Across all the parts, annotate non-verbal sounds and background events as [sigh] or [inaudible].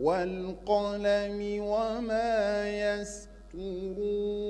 والقلم وما يسطرون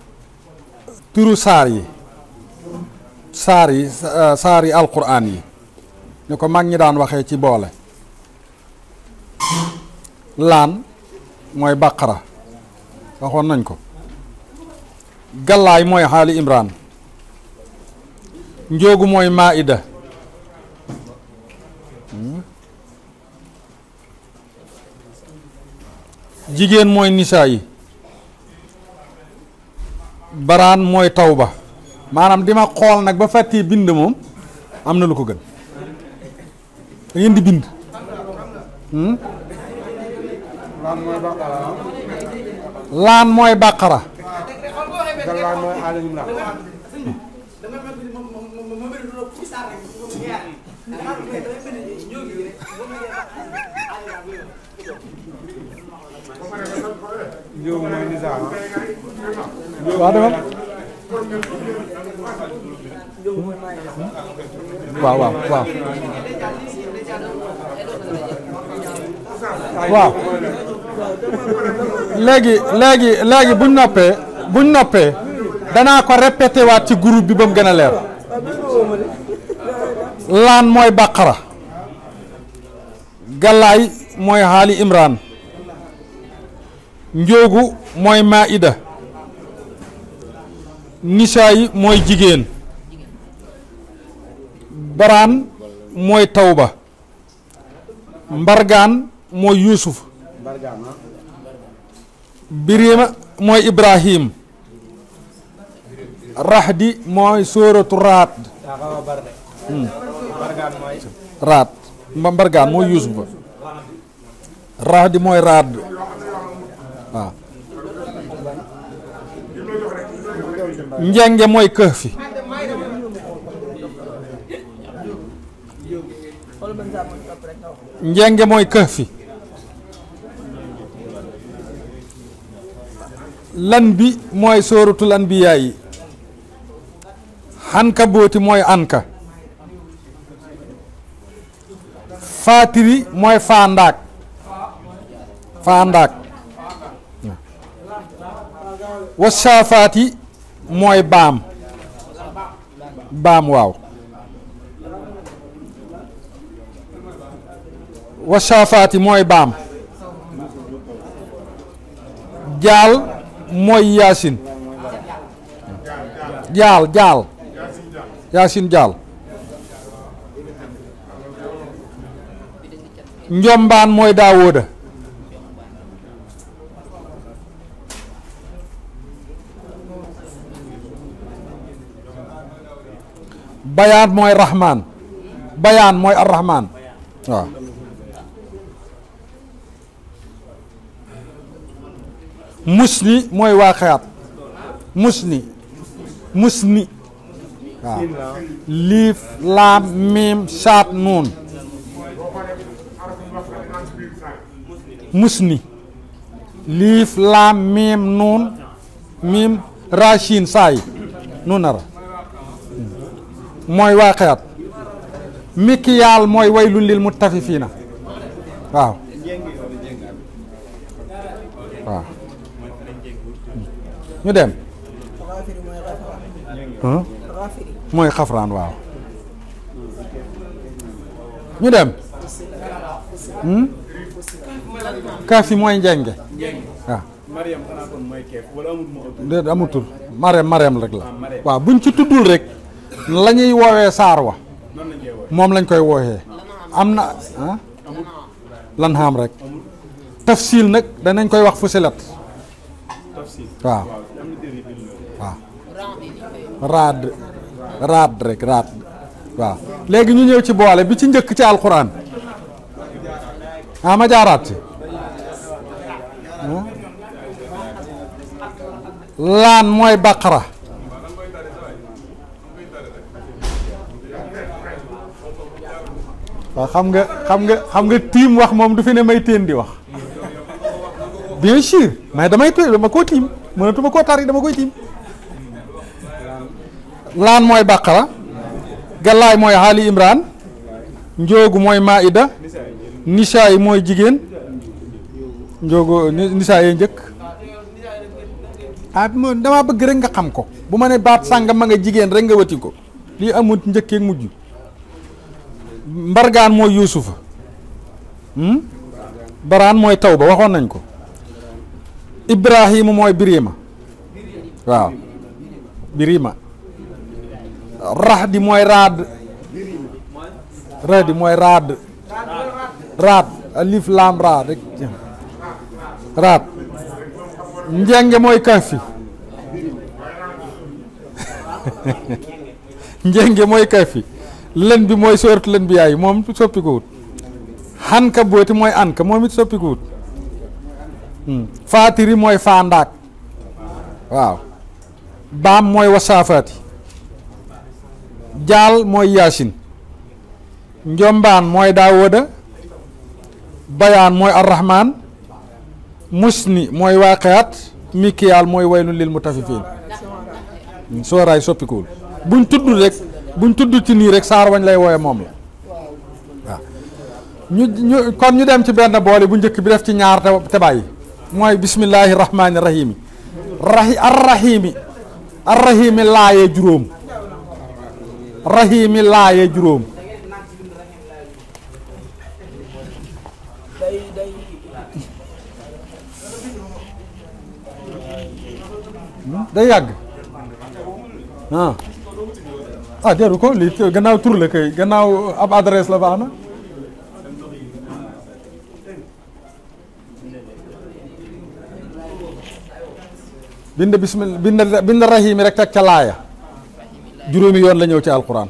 turu saar yi saar yi saar yi alquran yi ñu ko mag ñi daan waxee ci boole laan mooy baqara waxoon nañ ko gallaay mooy xaali imran njóogu mooy maida jigéen mooy nisaa yi baraan mooy taw ba maanaam di ma xool nag ba fàttee bind moom am na lu ko gën da ngeen di bind hmm? laan mooy bàqara waaw léegi léegi léegi buñ noppee buñ noppee danaa ko répété ci groupe bi ba mu gën a leer laan mooy bàqara gàllaay mooy xaali imraan njóogu mooy maida nisaa yi mooy jigéen baraan mooy tawba mbargaan mooy yuusuf birima mooy ibrahim raxdi mooy sóoratu raat hmm. raat mbargaan mooy yuusuf raxdi mooy raat njenge mooy këf fi njenge mooy këf fi lan bi mooy sóoratul anbiyaa yi xanka booti mooy anka faatiri mooy faa ndaak faa mooy baam baam waaw wasaafaati mooy baam jaal mooy yaasin jaal jaal yaasin jaal njombaan mooy daawooda bayaan mooy rahmaan bayaan mooy arrahmaan waaw musni mooy waaqeyaat musni musni waaw liif laam miim saat nuun musni liif laam miim nuun miim raashin saay nuun ara mooy waaqiat mikiyaal mooy waylun lil mutafifiina waaw waaw ñu dem mooy xafraan waaw ñu dem hmm? kaaf yi mooy njenge waaw déet amutul mareem mareem rek la ah, waaw buñ ci tuddul rek la ñuy woowee saar wa moom lañ koy woowee am na ah rek tafsil nag danañ koy wax fusilat waaw waaw raad raad rek raad waaw léegi ñu ñëw ci boole bi ci njëkk ci alxuraan ah ma ci hmm? laan mooy baqara waa xam nga xam nga xam nga tiim wax moom du fi ne may teen di wax bien sûr mais damay te dama koo tiim mënatuma koo tari dama koy tiim laan mooy baqara gallaay mooy haali imran njoogu mooy maida nisaa yi mooy jigéen njoogu nisaa yee njëkk ah dama bëgg rek nga xam ko bu ma ne baat sàngam ma nga jigéen rek nga wati ko lii amut njëkkee mujj mbargaan mooy yuusufa hmm? baraan mooy tawba waxoon nañ ko ibrahima mooy birima waaw birima raxdi mooy raad raxdi mooy raad raad alif laam raad rek raad njenge mooy kahfi [laughs] njenge mooy kahfi lën bi mooy sóoratu lën bi yaay moom soppikuwut xanka booti mooy anka moom it soppikuwut hmm. faatiri mooy faandaak waaw baam mooy wasaafaati jaal mooy yaasin njombaan mooy daawooda bayaan mooy arrahmaan musni mooy waaqeat mikiyaal mooy waylun lil mutaffifin hmm, sooraay soppikuwul buñ tudd rek buñ tudd ci nii rek saar wañ lay wooye moom la ñu ñu kon ñu dem ci benn boole bu njëkk bi def ci ñaar te bàyyi mooy bismillahi rahmaani rahimi rahi arrahimi arrahimi laaye juróom rahimi laaye juróom hmm? day yàgg ah. ah jaru ko lii gannaaw tur la gannaaw ab adresse la baax na bind bismil bind bind rahimi rek teg ca laaya juróomi yoon la ñëw ci alquran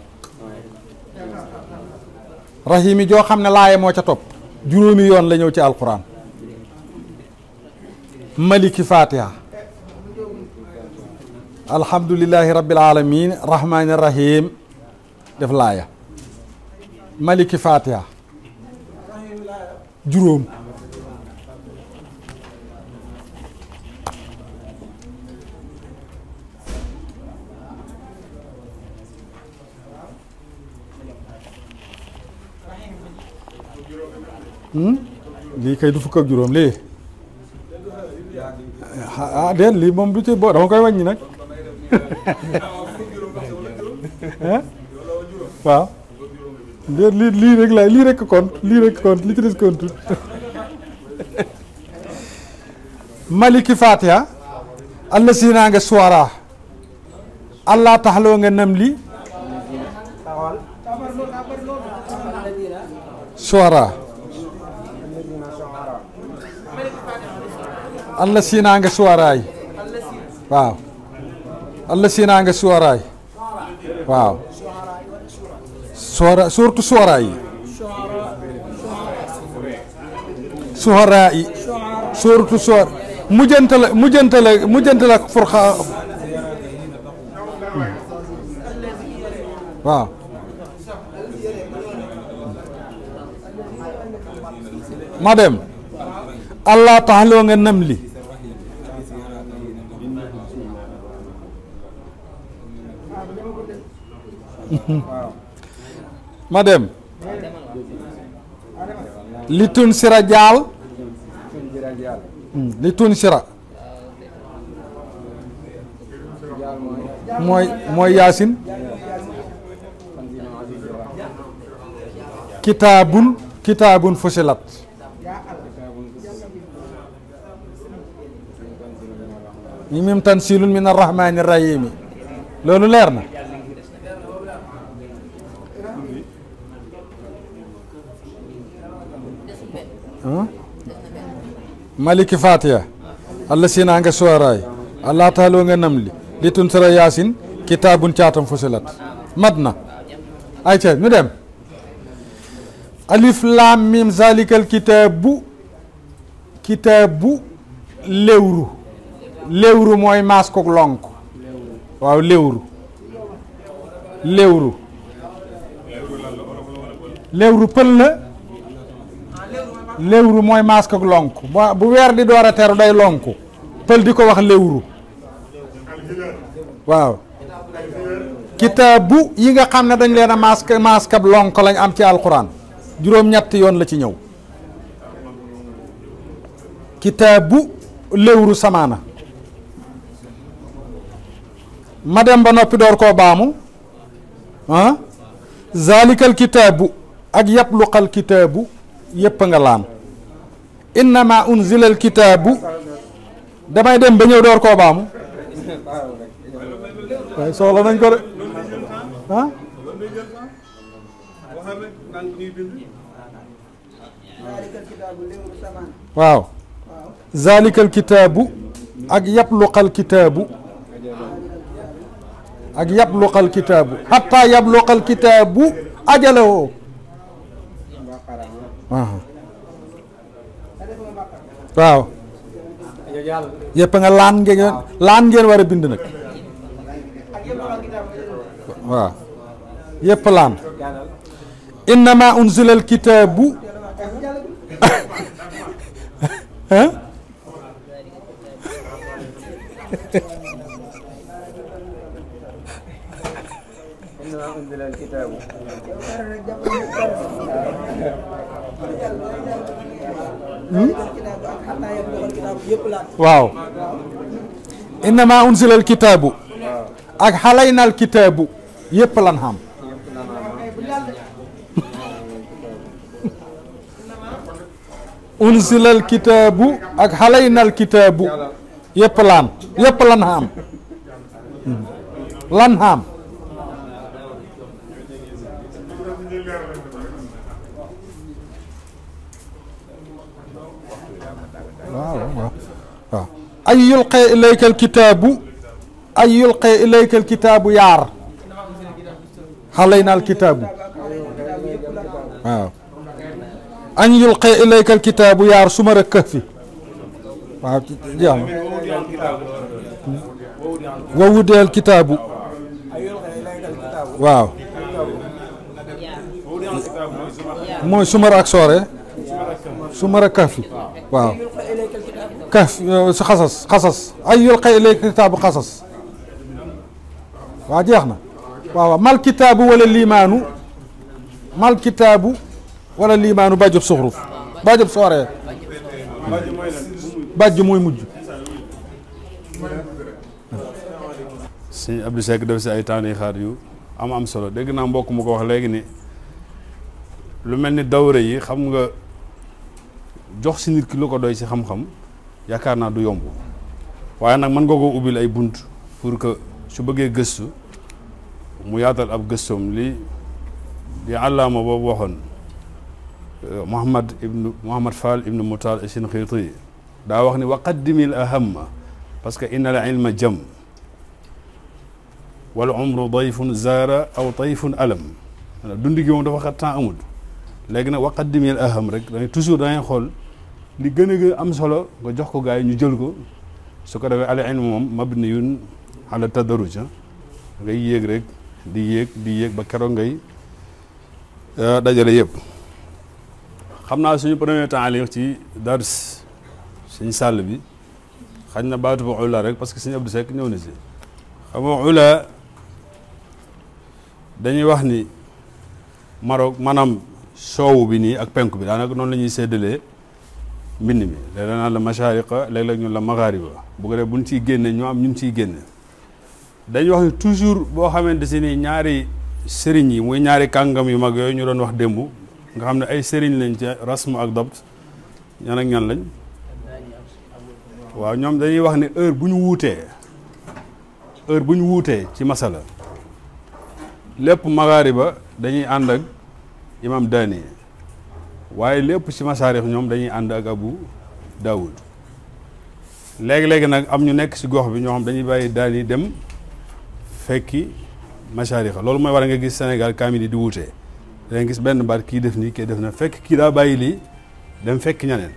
rahimi joo xam ne laaya moo ca topp juróomi yoon la ñëw ci alquran maliki fatiha alhamdulillahi rabbil alamin rahmaani rahim def laaya maliki fatiha juróom hmm? lii kay du fukk ak juróom lii ah, ah lii moom du ci boo dama koy wàññi nag [laughs] waaw déet lii lii rek laay lii rek compte lii rek compte li ci des compte [laughs] maliki fatiha allah siinaa nga suwara allah taxloo nga nam li suwara allah siinaa nga suwaraay waaw alla sinaa nga suwaraay waaw suwara surtout suwara yi suwara yi surtout allah taxaloo nga nam li ma dem li tun sira jaal hmm, li tun sira mooy mooy yaasin kitaabun kitaabun fusilat mim tansilun min arrahmani loolu leer na maliki fatiha allah nga suwaraay allah nga namli li tun sara yaasin kitaabun caatam fusilat mat na ay ca ñu dem alif laam mim zalikal kitaabu kitaabu léwru léwru mooy maas ko lonk waaw léwru léwru léwru pël la léwru mooy masque ak lonk bu weer di door a teru day lonk pël di ko wax léwru waaw kitaabu yi nga xam ne dañ leen a masque masque ab lonk lañ am ci alxuraan juróom-ñetti yoon la ci ñëw kitaabu léwru samaana ma dem ba noppi door koo baamu ah zalikal kitaabu ak yabluqal kitaabu yépp nga laan innama unzila alkitaabu damay dem ba ñëw door koo baamu waaye nañ ko de ah waaw zalikal kitaabu ak yabluqal kitaabu ak yabluqal kitaabu xatta yabluqal kitaabu ajalawoo waaw yëpp nga laan ngeen laan ngeen war a bind nag waaw yëpp laan innama unzila al kitaabu [laughs] [laughs] [laughs] waaw innama unsilal kitaabu ak xalaynal kitaabu yëpp lan xam [laughs] unsilal kitaabu ak xalaynal kitaabu yëpp laan yëpp lan xam hmm. lan xam waaw waaw waaw ay yulqee ilayka alkitaabu ay yulqee ilayka alkitaabu yaar xalayna alkitaabu waaw an yulqee ilayka alkitaabu yaar sumar a kahfi waaw jeex na wa wudi alkitaabu waaw mooy sumar ak soore sumara kaafi waaw kaaf si xasas xasas ay yulqa ilayka kitaabu xasas waaw jeex na mal kitaabu wala liimaanu mal kitaabu wala liimaanu bàjjub suxruf bàjjub sooree bàjj mooy mujj sëñ Abdou Seck def si ay taani xaar yu am am solo dégg naa mbokk mu ko wax léegi ni lu mel ni dawre yi jox si nit ki ko doy si xam-xam yaakaar naa du yomb waaye nag mën nga koo ubbil ay bunt pour que su bëggee gëstu mu yaatal ab gëstoom li di àllaama boobu waxoon euh, Mouhamad ibn Mouhamad Fall ibn Moutal Shinqiti daa wax ni wa qaddimil ahamma parce que inna al ilma jam wal umru dayfun zaara aw tayfun alam dund gi moom dafa xat temps amul léegi nag wa qaddimil aham rek danga toujours dangay xool li gën a am solo nga jox ko gars yi ñu jël ko su ko defee al ilm moom mabniyun ala tadarruj ah. ngay yéeg rek di yéeg di yéeg ba keroog ngay ah, dajale yëpp xam naa suñu premier taaliq ci dars suñu sàll bi xañ na baatu ba ula rek parce que suñu Abdou Seck ñëw na si xam nga ula dañuy wax ni Maroc maanaam soowu bi nii ak penku bi daanaka noonu la ñuy séddalee mbind mi léeg naan la mashariqa léeg-léeg ñun la maghariba bu ko def buñ ciy génne ñoo am ñun ciy génne dañ wax ni toujours boo xamante si ni ñaari sëriñ yi muy ñaari kàngam yu mag yooyu ñu doon wax démb nga xam ne ay sëriñ lañ ci rasmu ak dabt ñan ñan lañ waaw ñoom dañuy wax ne heure bu ñu wuutee heure bu ñu wuutee ci masala lépp magaari ba dañuy ànd ak imam daani waaye lépp ci masaarif ñoom dañuy ànd ak abu daawud léegi-léegi nag am ñu nekk ci gox bi ñoo xam dañuy bàyyi daal yi dem fekki masaarixa loolu mooy war a nga gis senegal kaamil yi di wuute danga gis benn baat kii def nii kii def na fekk kii daa bàyyi lii dem fekk ñaneen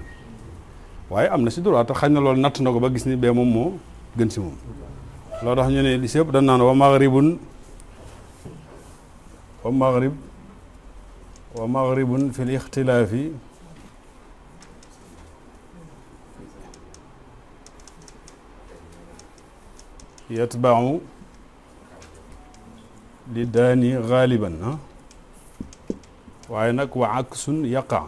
waaye am na ci droit tax xañ na loolu natt na ko ba gis ni bee moom moo gën ci moom loolu tax ñu ne li ci yëpp dañ maghribun wa maghrib wa maghribun fi lixtilaafi yatbau li daani xaaliban ah waaye nag wa aksun yaqa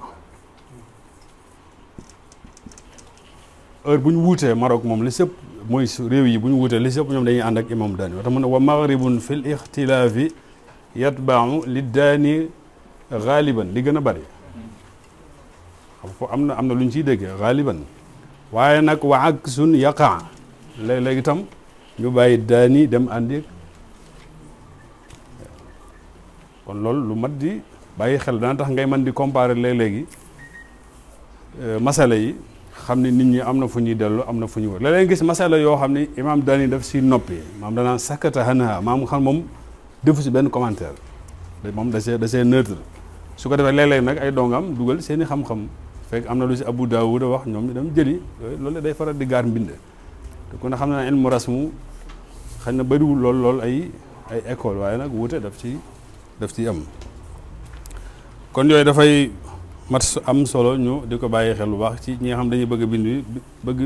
heure bu ñu wuutee Maroc moom li sëpp mooy réew yi bu ñu wute li sëpp ñoom dañuy ànd ak imam daani wa tax wa maghribun fi l ixtilaafi li daani xaaliban li gën a bari xam foo am na am na lu ñu ciy déggee xaaliban waaye nag waa ak sun yaqaa léeg-léeg itam ñu bàyyi daani dem àndi kon loolu lu mat di bàyyi xel dana tax ngay man di comparer léeg-léegi euh, masala yi xam ne nit ñi am na fu ñuy dellu am na fu ñu wër gis masala yoo xam ne imaam daani daf si noppi maam danaa sakkata xanaa maam xam moom defu si benn commentaire moom da see da see su ko defee léeg-léeg nag ay dongam dugal seeni i xam-xam fekk am na lu si Abu Daawud wax ñoom ñu dem jëli loolu day faral di gaar mbind te kon ne xam ne ilmu rasmu xëy na bëriwul lool lool ay ay école waaye nag wuute daf ci daf ciy am kon yooyu dafay mat am solo ñu di ko bàyyi xel bu baax ci ñi xam dañuy bëgg bind bi bëgg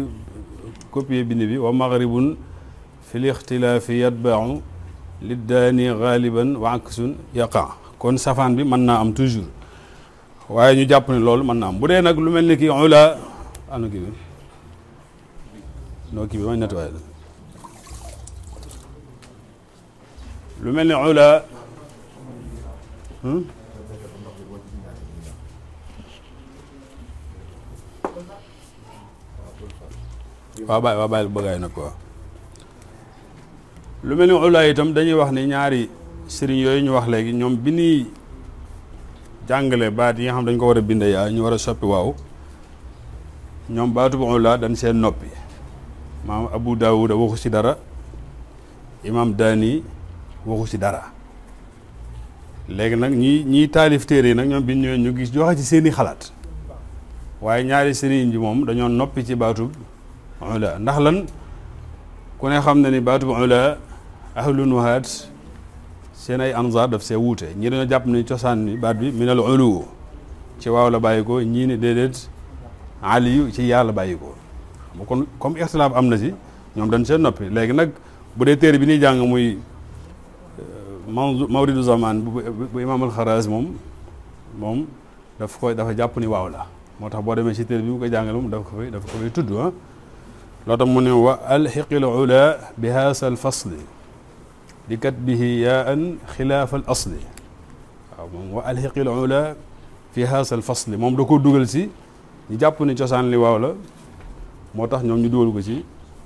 copier bind bi wa maghribun fi l ixtilaafi yatbau liddaani xaaliban wa aksun yaqa kon safaan bi mën naa am toujours waaye ñu jàpp ne loolu mën naa am bu dee nag lu mel ni kii ula am na kii mel ni ula hmm? waa bàyyi waa bàyyi nag quoi lu mel ni ula itam dañuy wax ni ñaari sëriñ yooyu ñu wax léegi ñoom bi ñuy jàngale baat yi nga xam dañ ko war a bind yaa ñu war a soppi waaw ñoom baatu bu laa dañ seen noppi maam Abu Daawuda waxu ci dara imaam Daani waxu ci dara léegi nag ñi ñiy taalif téere yi nag ñoom bi ñëwee ñu gis joxe ci seeni xalaat waaye ñaari sëriñ ji moom dañoo noppi ci baatu bu laa ndax lan ku ne xam na ni baatu bu laa ahlun wahaat seen ay anzaar daf see wuute ñi dañoo jàpp ne cosaan bi baat bi minal ulu ci waaw la bàyyi ko ñii ne déedéet aliyu ci yàlla bàyyi ko xam kon comme ixtilaaf am na si ñoom dañ seen noppi léegi nag bu dee téere bi ñuy jàng muy euh, mawridu zaman bu imaam alxaraas moom moom daf dafa jàpp ni waaw la moo tax boo demee si téere bi bu ko moom daf ko fay tudd ah loo tax mu ne wa alxiqil ula bi haasal fasli bi katbihi yaan xilaaf al asli waaw moom wa alxiqil ula fi haasa al fasli moom da koo dugal si ñu jàpp ni cosaan li waaw la moo tax ñoom ñu dugal ko ci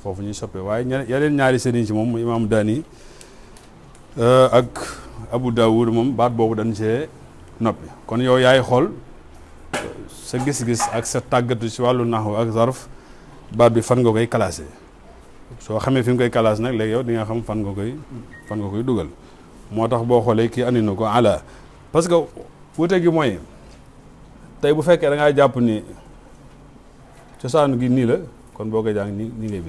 foofu ñuy soppee waaye yeneen ñaari sëriñ si moom imaam daani euh, ak abu daawud moom baat boobu dañ see noppi kon yow yaay xool sa gis-gis ak sa tàggatu si wàllu naxu ak zarf baat bi fan nga koy classé soo xamee fi nga koy kalaas nag léegi yow di nga xam fan nga koy fan nga koy dugal moo tax boo xoolee kii andi na ko ala parce que wute gi mooy tey bu fekkee da ngaa jàpp ni cosaanu gi nii la kon boo koy jàng nii nii ngay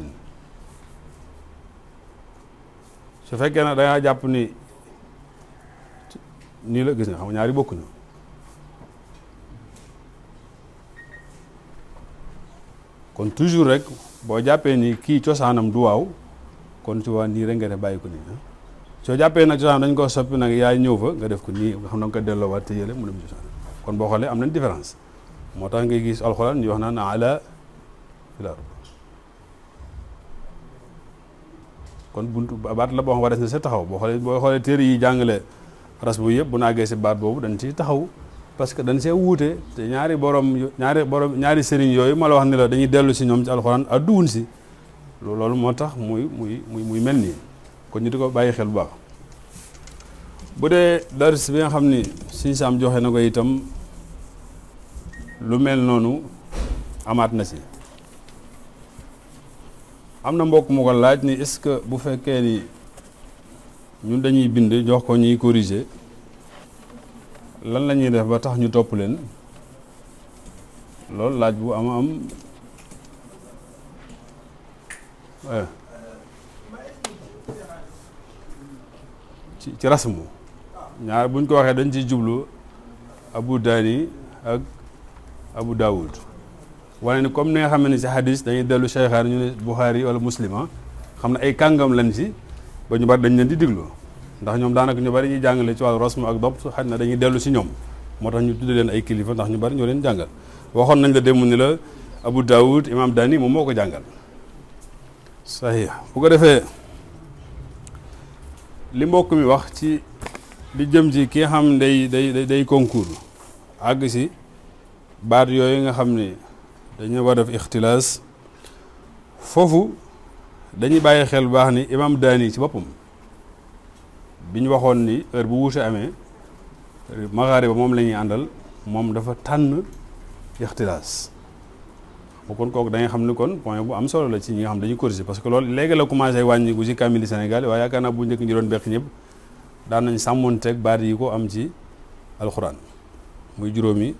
su fekkee nag da jàpp ni nii la gis nga xam ñaari bokkuñu kon toujours rek boo jàppee ni kii cosaanam du waaw kon tu vois nii rek nga def bàyyi ko nii ah. soo jàppee nag cosaan dañ ko soppi nag yaay ñëw fa nga def ko nii nga xam na nga ko delloowaat te yële mu dem cosaan kon boo xoolee am nañ différence moo tax ngay gis alxuraan ñu wax naa ala filar kon buntu baat la boo xam war des na si taxaw boo xoolee boo xoolee téere yi jàngale ras bu yëpp bu naagee si baat boobu dañ ci taxaw parce que dañ see wuute te ñaari borom ñaari borom ñaari sëriñ yooyu ma la wax ni la dañuy dellu si ñoom ci alxuraan adduwun si loolu moo tax muy muy muy muy mel nii kon ñu di ko bàyyi xel bu baax bu dee dars bi nga xam ni suñ saam joxe na ko itam lu mel noonu amaat na si am na mbokk mu ko laaj ni est-ce que bu fekkee ni ñun dañuy bind jox ko ñuy corriger lan la ñuy def ba tax ñu topp leen loolu laaj bu am am ci ci rasmu ñaar buñ ko waxee dañ ciy jublu abu dani ak abu daawud wane ni comme ni nga xam ne si hadis dañuy dellu cheikhaan ñu ne buxaari wala muslima ah, xam ne ay kàngam lañ si ba ñu bari dañ leen di diglu ndax ñoom daanaka ñu bari ñu jàngale ci wàllu rasmu ak dabt xaj na dañuy dellu si ñoom moo tax ñu tudde leen ay kilifa ndax ñu bari ñoo leen jàngal waxoon nañ la démb ni la Abu Daawud Imaam Dani moom moo ko jàngal saxiix bu ko defee li mbokk mi wax ci li jëm ci ki nga xam day day day concours àgg si baat yooyu nga xam ni dañu war def ixtilaas foofu dañuy bàyyi xel baax ni Imaam Dani ci boppam bi ñu waxoon ni heure bu wuute amee magaari moom la ñuy àndal moom dafa tànn ixtilaas bu kon kooku da xam ni kon point bu am solo la ci ñi nga xam dañuy corriger parce que loolu léegi la commencé wàññiku ci kaamil Sénégal waaye yaakaar naa bu njëkk ñi doon beq ñëpp daan nañ sàmmoonteeg baat yi ko am ci alxuraan muy juróomi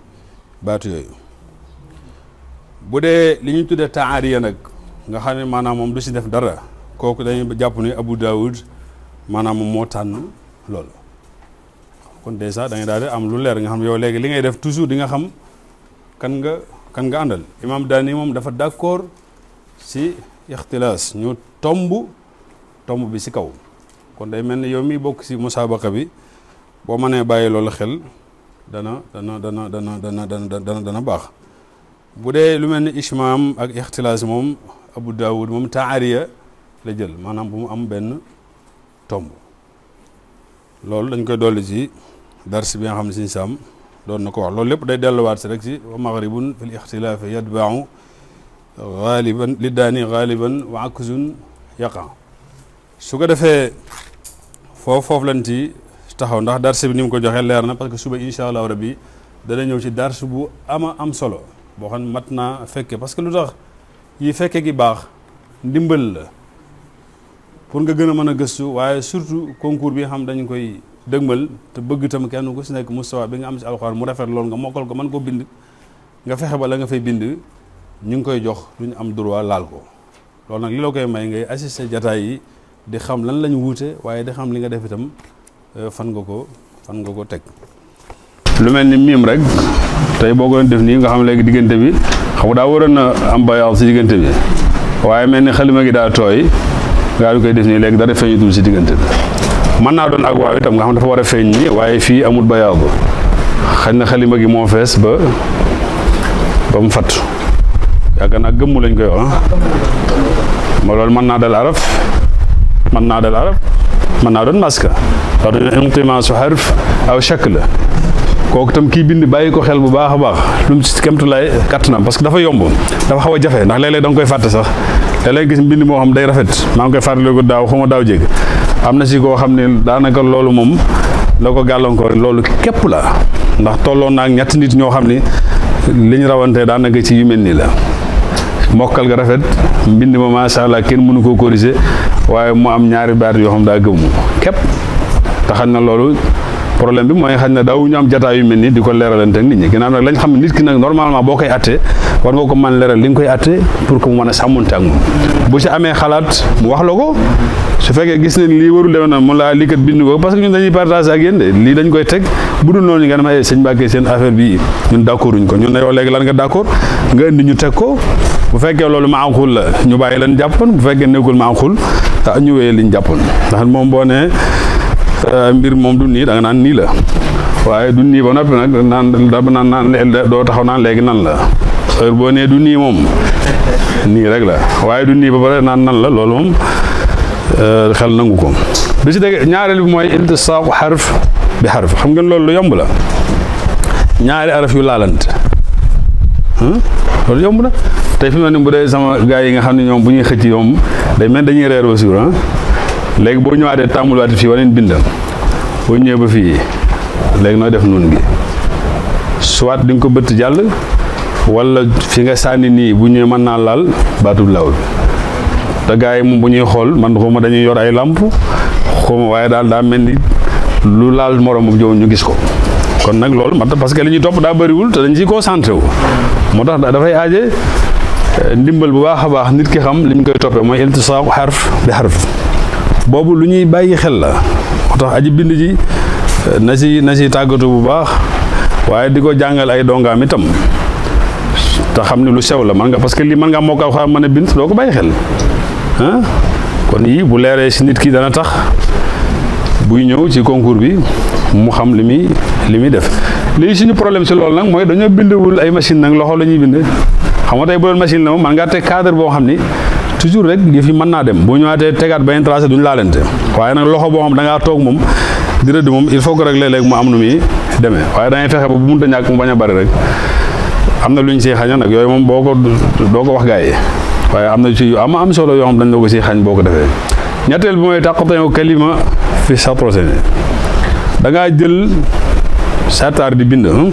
baat yooyu bu dee li ñu tuddee taariya nag nga xam ne maanaam moom du si def dara kooku dañuy jàpp ni Abu Daoud maanaam moo tànn lool kon dèjà da ngay daal di am lu leer nga xam yow léegi li ngay def toujours di nga xam kan nga kan nga àndal imaam daani moom dafa d'accord si ixtilaas ñu tomb tomb bi si kaw kon day mel ni yow mi bokk si musaabaqa bi boo mënee bàyyi lool xel dana dana dana dana dana dana dana dana baax bu dee lu mel ni ishmaam ak ixtilaas moom Abu Daawud moom taariya la jël maanaam bu mu am benn tomb loolu dañ koy dolli ci dars bi nga xam ne si saam doon na ko wax loolu lépp day delluwaat si rek si wa maghribun fi l ixtilaafi yatbaahu gaaliban li daani gaaliban wa aksun su ko defee foofu foofu lañ ci taxaw ndax dars bi ni mu ko joxee leer na parce que suba incha allahu rabbi dana ñëw si dars bu ama am solo boo xam ne mat naa fekke parce que lu tax yi fekke gi baax ndimbal la pour nga gën a mën a gëstu waaye surtout concours bi xam dañu koy dëgmal te bëgg itam kenn ku si nekk mustawa bi nga am si alxuraan mu rafet loolu nga mokkal ko mën koo bind nga fexe ba la nga fay bind ñu ngi koy jox lu ñu am droit laal ko loolu nag li la koy may ngay assister jataay yi di xam lan lañu wuute waaye di xam li nga def itam euh, fan nga ko fan nga ko teg lu mel ni miim rek tey boo ko def nii nga xam léegi diggante bi xam daa waroon na am si diggante bi gaa koy def nii léegi dara feeñatul si diggante bi mën naa doon ak waaw itam nga xam dafa war a feeñ nii waaye fii amul bayaab xañ na xalima gi moo fees ba ba mu fatt yàgg naa gëmmu lañ koy wax ma loolu mën naa dal araf mën naa dal araf mën naa doon maska wax dañu intimasu harf aw shakl la kooku itam kii bind bàyyi ko xel bu baax a baax lu mu ci kemtulaay kàttanam parce que dafa yomb dafa xaw jafe ndax léeg-léeg da koy fàtte sax léeg-léeg gis mbind moo xam day rafet maa ngi koy fàttaliku daaw xuma daaw jéeg am na si koo xam ne daanaka loolu moom la ko gàllankoor loolu képp la ndax tolloon naa ak ñetti nit ñoo xam ni li ñu rawantee daanaka ci yu mel nii la mokkal ga rafet mbind ma macha allah kenn mënu koo corriger waaye mu am ñaari baat yoo xam daa gëmm képp taxañ na loolu problème bi mooy xaj na daaw ñu am jataay mel nii di ko leeralante ak nit ñi ginnaaw nag lañ xam nit ki nag normalement boo koy attee war nga ko mën leeral li nga koy attee pour a wax la ko su fekkee gis ne lii warul demee na mu laa lii kat ko parce que ñun dañuy partager ak yéen de lii dañ koy teg bu dul noonu nga ne ma eh sëñ seen affaire bi ñun d'accord uñ ko ñun ne yow léegi lan nga d'accord nga indi ñu teg ko bu fekkee loolu ma am xul la ñu bàyyi leen jàppoon bu fekkee nekkul ma am xul ah, ñu wéyee liñ jàppoon Euh, mbir moom du nii da nga naan nii la waaye du nii ba noppi nag naan da naan naan doo taxaw naan léegi nan la boo nee du nii moom nii rek la waaye du nii ba pare naan nan la loolu moom euh, xel nangu ko bi si dégg ñaareel bi mooy iltisaaqu xarf bi xarf xam ngeen loolu lu yomb la ñaari araf yu laalante loolu yomb na tey fi mu ne bu dee sama gaa yi nga xam ne ñoom bu ñuy xëcc yomb day mel dañuy reer ba suur ah. léegi boo ñëwaatee tàmbaliwaat fii waneen bindam boo ñëwee ba fii léegi noo def nun gi soit di ko bëtt jàll wala fi nga sànni nii bu ñëwee mën naa laal baatub law bi yi moom bu ñuy xool man xuma dañuy yor ay làmp xuma waaye daal daa mel ni lu laal morom bu jow ñu gis ko kon nag loolu mat parce que li ñuy topp daa bëriwul te dañ ciy concentré wu moo tax dafay aaje eh, ndimbal bu baax a baax nit ki xam li ñu koy toppee mooy iltisaaq xarf bi xarf boobu lu ñuy bàyyi xel la moo tax aji bind ji na si na si tàggatu bu baax waaye di ko jàngal ay dongaam itam te xam ne lu sew la mën nga parce que lii mën nga moo ko xam mën a bind doo ko bàyyi xel kon yii bu leeree si nit ki dana tax buy ñëw ci concours bi mu xam li muy li muy def léegi suñu problème si loolu nag mooy dañoo bindwul ay machine nag loxo la ñuy binde xam nga tey bu doon machine la moom mën ngaa teg cadre boo xam ni toujours rek yëf yi mën naa dem boo ñëwaatee tegaat beneen tracé duñ laalante waaye nag loxo boo xam da toog moom di rëdd moom il faut que rek léeg-léeg mu am nu muy demee waaye dangay fexe ba bu mënta ñàkk mu bañ a bari rek am na lu ñu siy xañoon nag yooyu moom boo ko doo ko wax gaa yi waaye am na ci yu am am solo yoo xam dañ la ko siy xañ boo ko defee ñetteel bi mooy tàqatañoo kalima fi satroseni da ngaa jël satar di bind hmm?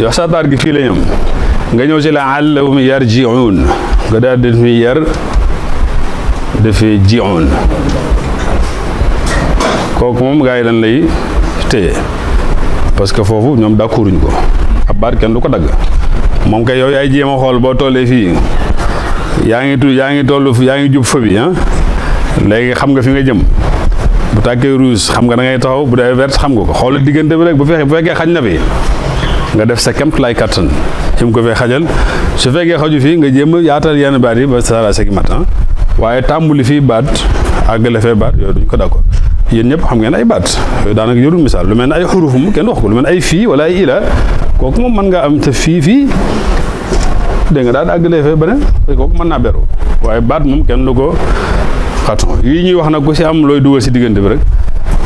yow satar gi fii la ñam nga ñëw ci la àllahum yarjiun nga daal di fi yar dafee jiwoon kooku moom gars yi dañ lay te parce que foofu ñoom d'accorduñ ko ab baat kenn du ko dagg moom kay yow yaay jéem a xool boo tollee fii yaa ngi tu yaa ngi toll yaa ngi jub fa bi ah xam nga fi nga jëm bu tàkkee rouge xam nga da ngay taxaw bu dee vert xam nga ko xoolal diggante bi rek bu fekkee bu fekkee xañ na bi nga def sa kemt lay kattan jëm ko fee xajal su fekkee xaju fii nga jéem a yaatal yenn baat yi ba sara segi mat ah waaye tàmbuli fii baat àggale fee baat yooyu duñ ko d'accord yéen ñëpp xam ngeen ay baat yooyu daanaka yorul lu mel ne ay xuruf mu kenn wax ko lu mel ne ay fii wala ay ila kooku moom mën ngaa am te fii fii dégg nga daal àggalee fee beneen kooku mën naa beru waaye baat moom kenn du ko xaton yi ñuy wax nag ku si am looy dugal si diggante bi rek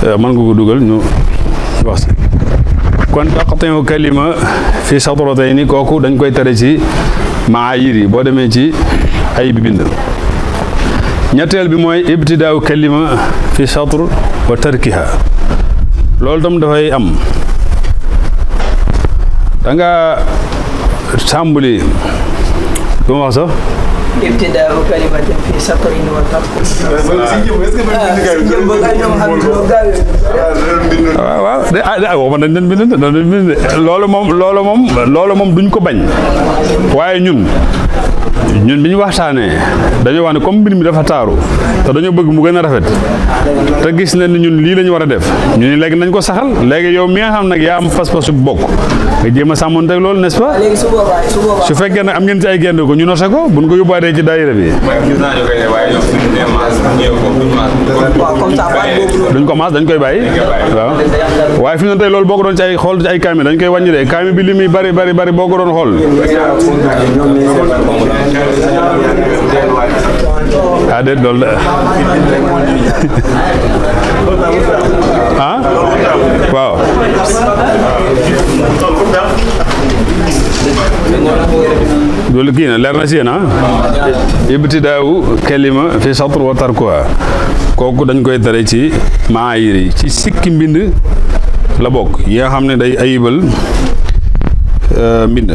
eh, mën nga ko dugal ñu wax si kon taqtiu kalima fi nii kooku dañ koy tara ci maayir boo demee ci ay bi bind ñetteel bi mooy ibtidaaw kalima fi satr wa tarkiha loolu tam dafay am da nga sàmbuli lu ma wax ibtidaa kalimatin fi satarin wa taqwa. waaw waaw de ah de ah waxuma dañ leen bind de loolu moom loolu moom loolu moom duñ ko bañ waaye ñun. ñun bi ñu waxtaanee dañoo wax ne comme mbir mi dafa taaru te dañoo bëgg mu gën a rafet te gis na ni ñun lii la war a def ñu ni léegi nañ ko saxal léegi yow mi xam nag yaa am pas-pasu bokk nga jéem a sàmmoon ak lool n'est-ce su fekkee nag am ngeen ci ay génde ko ñu noté ko buñ ko yóbbaatee ci daayira bi duñ ko maas dañ koy bàyyi waaw waaye fi mu ne lool boo ko doon ci ay xool ci ay kaami dañ koy wàññi de kaami bi li muy bari bari bari boo ko doon xool ah déet loolu [laughs] ah waaw. loolu kii na leer na si yéen ah. ibtidaawu kalima fi satr wa kooku dañ koy tere ci maayir yi ci sikki mbind la bokk yi nga xam ne day ayibal euh, mbind.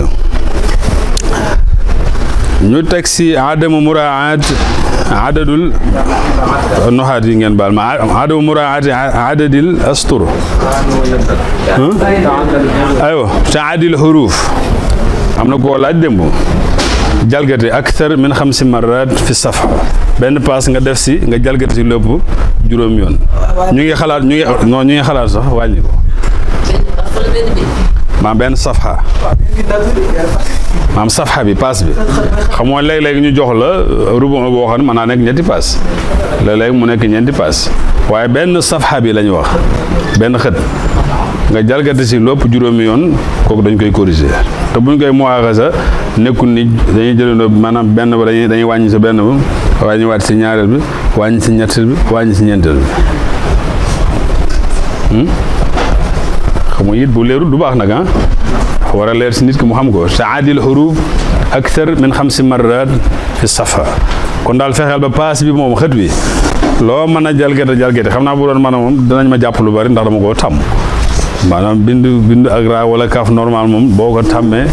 ñu teg si adamu muraat adadul noxaat yi ngeen baal ma adamu muraat adadil astur aywa taadil xuruuf am na koo laaj démb jalgati akthar min xamsi marat fi safa benn paas nga def si nga jalgati si lépp juróom yoon ñu ngi xalaat ñu ngi non wàññi ko maam benn safxa maam safxa bi paas bi xamoo léeg-léeg ñu jox la rubon boo xam ne man naa nekk ñetti paas léeg-léeg mu nekk ñeenti paas waaye benn safxa bi la wax benn xët nga jalgati si lopp juróomi yoon kooku dañ koy corriger te buñ koy muwaaxasa nekkul ni dañuy jëlandoo maanaam benn ba dañuy wàññi si benn ba wàññi si ñaareel bi wàññi si ñetteel bi si ñeenteel bi hmm? xam nga it bu leerul du baax nag ah war a leer si nit ki mu xam ko taadil xuruf akthar min xamsi marrat fi safa kon daal fexeel ba paas bi moom xët wi loo mën a jalgete jalgete xam naa bu doon mën a moom danañ ma jàpp lu bari ndax dama koo tàmm maanaam bind bind ak wala kaaf normal moom boo ko tàmmee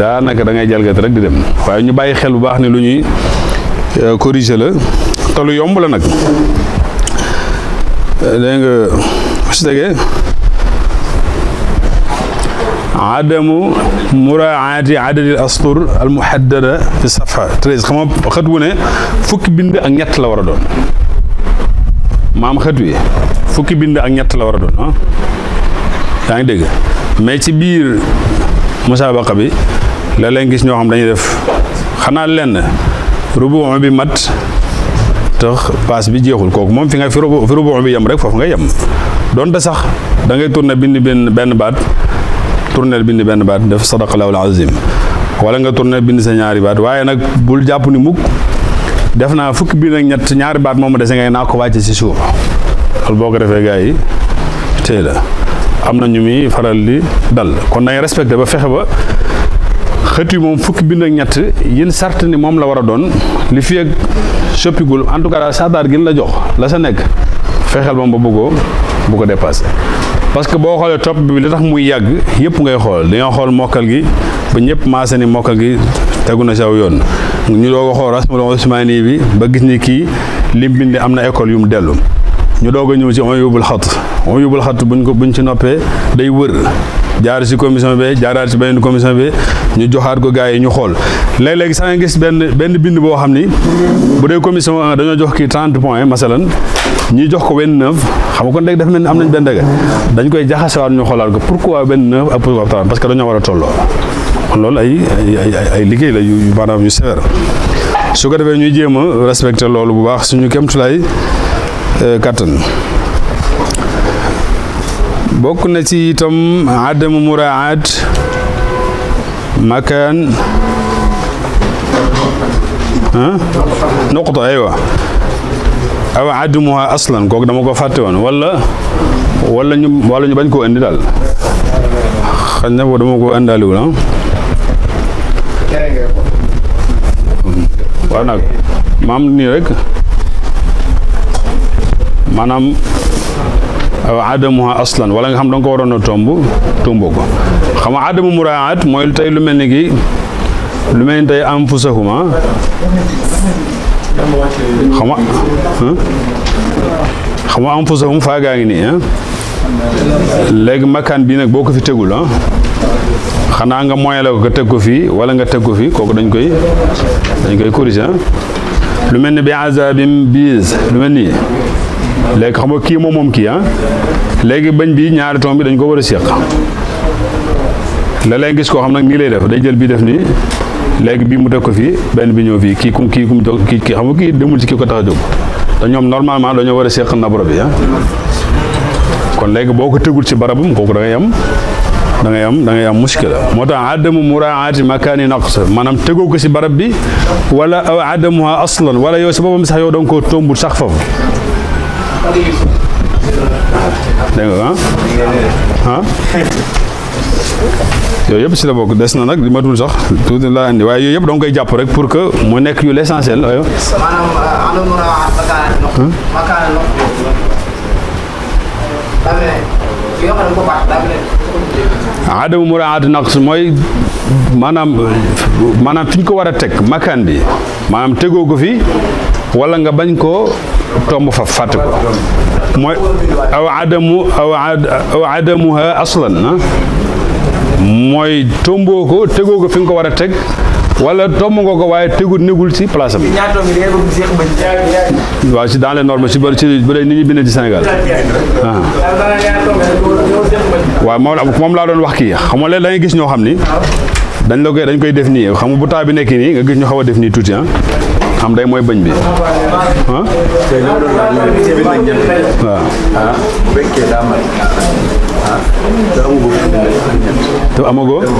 daanaka da ngay jalgate rek di dem waaye ñu bàyyi xel bu baax ne lu ñuy euh, corriger la te lu yomb la nag su tegee adamu muraati adadil astur al muhaddada fi safa treize xam xët wu ne fukki bind ak ñett la war a doon maam xët wi fukki bind ak ñett la war a doon ah yaa ngi dégg mais ci biir musaabaqa bi la leen gis ñoo xam dañu def xanaa lenn rubu bi mat tax paas bi jeexul kooku moom fi nga fi rubu bi yem rek foofu ngay yem donte sax dangay ngay tourné bind benn baat tournel bind benn baat def sadaqallaahu al-aziim wala nga tournel bind sa ñaari baat waaye nag bul jàpp ni mukk def naa fukki bind ak ñett ñaari baat moom dese ngay naa ko wàcce si suuf loolu boo ko defee gars yi tey la am na ñu muy faral di dal kon nañ respecté ba fexe ba xët yi moom fukki bind ak ñett yin sart ni moom la war a doon li fi ak soppigul en tout cas daal sardaar la jox la sa nekk fexeel moom ba bëggoo bu ko dépassé parce que boo xoolee topp bi li tax muy yàgg yëpp ngay xool dañoo xool mokkal gi ba ñëpp maase ni mokkal gi tegu na saw yoon ñu doog a xool rasmul usmaani bi ba gis ni kii lim bind am na école yu mu dellu ñu doog a ñëw ci on yóbbul xat on yóbbul xat buñ ko buñ ci noppee day wër jaar si commission bi jaaraat si beneen commission bi ñu joxaat ko gars yi ñu xool léeg-léegi sax nga gis benn benn bind boo xam ni bu dee commission dañoo jox kii 30 points masalan ñi jox ko benn neuf xam nga kon léegi dafa mel ni am nañ benn dëgg dañ koy jaxasewaat ñu xoolaat ko pour benn neuf ak pourquoi 30 parce que dañoo war a tolloo loolu ay ay ay liggéey la yu maanaam yu sévère su ko defee ñuy jéem a respecté loolu bu baax suñu kéemtulaay euh, kattan. bokk na ci itam adamu muraat makaan nuqta aywa aw adamuha aslan kooku dama ko fàtte woon wala wala ñu wala bañ koo indi daal xañ na boo dama ko indaaliwul ah waaw nag maam nii rek maanaam adamuha aslan wala nga xam danga ko waroon a tomb tomb ko xam nga adamu muraat mooy lu tey lu mel ni ki lu mel ni tey anfusahuma xam nga xam nga anfusahum faa gaa ngi nii léegi makkaan bii nag boo ko fi tegul xanaa nga moyale ko nga teg ko fii wala nga teg ko fii kooku dañ koy dañ koy corriger lu mel ni bi azabim biis lu mel nii léegi xam nga kii moom moom kii ah léegi bañ bi ñaari tomb bi dañ ko war a séq la lay gis koo xam nag nii lay def day jël bii def nii léegi bii mu teg ko fii benn bi ñëw fii kii kum kii kum jóg kii xam nga kii demul ci kii ko tax a jóg te ñoom normalement dañoo war a séq naboro bi ah kon léegi boo ko tëgul ci barabam kooku da ngay am da am da am muskila moo tax adamu muraati makaani naqs maanaam tegoo ko si barab bi wala aw adamuha aslan wala yow si boppam sax yow da nga koo tombul sax foofu dégg nga ah? ah yooyu yëpp si la bokk des na nag li matul sax tuuti la andi waaye yooyu yëpp danga koy jàpp rek pour que mu nekk yu l'essentiel ayo ah, adamu muraat naqs mooy maanaam maanaam fi ñu ko war a teg makaan bi maanaam tegoo ko fi wala nga bañ koo tomb fa fàtte ko mooy aw adamu aw adamuha aslan ah. mooy tomboo ko tegoo ko fi nga ko war a teg walla tomb nga ko waaye tegu négul ci place am waaw si dans les si bëri si bu dee ni ñu moom moom laa doon wax kii xam nga léegi da gis ñoo xam ni dañ la koy dañ koy def nii xam nga bu taa bi nekk nii nga gis ñu xaw a def nii tuuti ah xam day mooy bañ bi ah. waaw. te